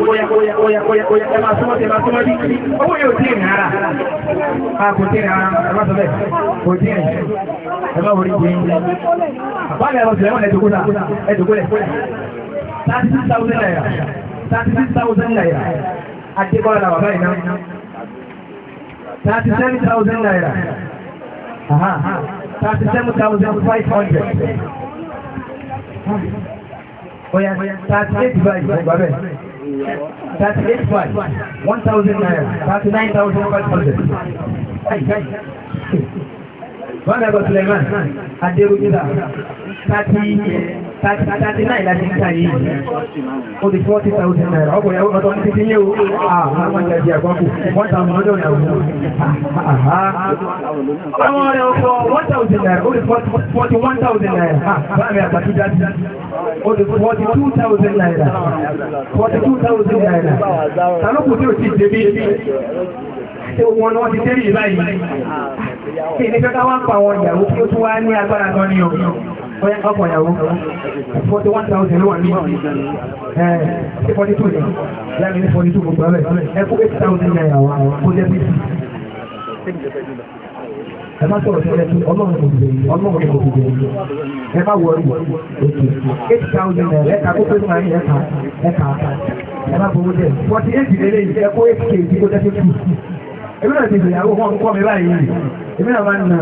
Speaker 5: oya, oya, oya, oya, oya, oya, oya, oya, ẹmà súnmọ́ tẹmà súnmọ́ dí owó yóò tí ìrìn ara a kò tí ìrìn ara ẹmà sọ bẹ́ẹ̀ kò tí ìrìn ẹmà orí jẹ́ ìrìn àpáàlẹ̀ ẹ̀rọ sílẹ̀ wọ́n ẹ̀dùkúlẹ̀ ẹ̀dùkúlẹ̀ 36,000 naira 36,000 naira àdébọ́lá làwà báyìí náà 37,000 naira 37,500 Oya, 38 by 5,
Speaker 4: That is what. One thousand nine. That's 38 one. 1,000 naira,
Speaker 5: 39,500. Rọ́nàbọ̀ Suleiman, Adérúgbìdà, 39 láti níta yìí, ó di 40,000 naira, ọkọ̀ ìyàwó ọ̀tọ̀ ní títí yẹ́ o, àwọn ọmọ ìjàjì àgbọ́kù, 1,000 lọ́dọ̀ ìyàwó. Àwọn ọ̀rẹ́ ọkọ̀ 1,000 naira, ó di 41,000 naira, báàmì ah, àgbàtí jáde, ó di 42,000 naira, 42,000 naira, tàlókù tí ò sí ìdébí ṣe wọn ni wọ́n ti tẹ́rì báyìí kí ní kẹ́kẹ́ wọ́n pa àwọn ìyàwó tí ó tún wá ní agbára kan ní ọkọ̀ ìyàwó 41,000 ló wà ní ẹ̀ 42 ní láàrin ní 42 gbogbo ọ̀rẹ́ ẹkú 8,000 náírà wà kó jẹ́ bí ẹ má sọ̀rọ̀ sọ́lẹ̀ tí ọlọ́run kò bẹ̀rẹ̀ ọlọ́run kò bẹ̀rẹ̀ ẹ má wọrí òkè eight thousand naira ẹ̀ka kó pé máa ń ẹ̀ka ẹ̀ka ẹ̀ má gbowó dẹ̀ forty eight lélẹ́yìn ẹ̀kọ́ eight k kó dẹ́ fifty èmi náà ti gbìyàwó wọn kọ́ mi báyìí èmi náà máa ń nà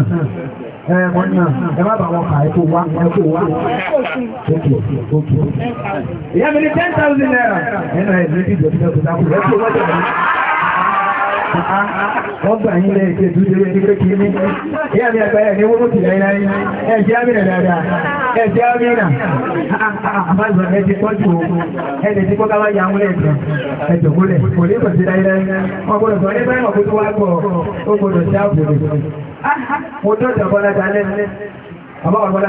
Speaker 5: ẹ mọ nà ẹ má bà wọn kà ẹ kó wá ẹ kó wá ókè ókè. ìyá mi ní ten thousand naira ẹ náà ẹ ní bí ìjọba ìjọba ìjọba ìjọba ìjọba wọ́n gbà yí lẹ́ ìṣẹ́ dúdúrú ní kékeré ní ìyá mi àgbáyà ní owó lókè láíláí ẹ̀jẹ́ àmìnà dáadáa ẹ̀jẹ́ àmìnà àbájọ ẹ̀ ti pọ́jú ogun ẹ̀jẹ̀ tí kọ́ká wá yà múlẹ̀ ẹ̀jẹ̀ ẹ̀jọ̀ múlẹ̀ kò ní kò sí láíláí wọ́n gbọ́dọ̀ sọ nípa ìwọ̀n tó wá gbọ́ ó gbọ́dọ̀ sí àbúrò mo tó jọ̀bọ́lá dalẹ́ ọmọ ọ̀gbọ́lá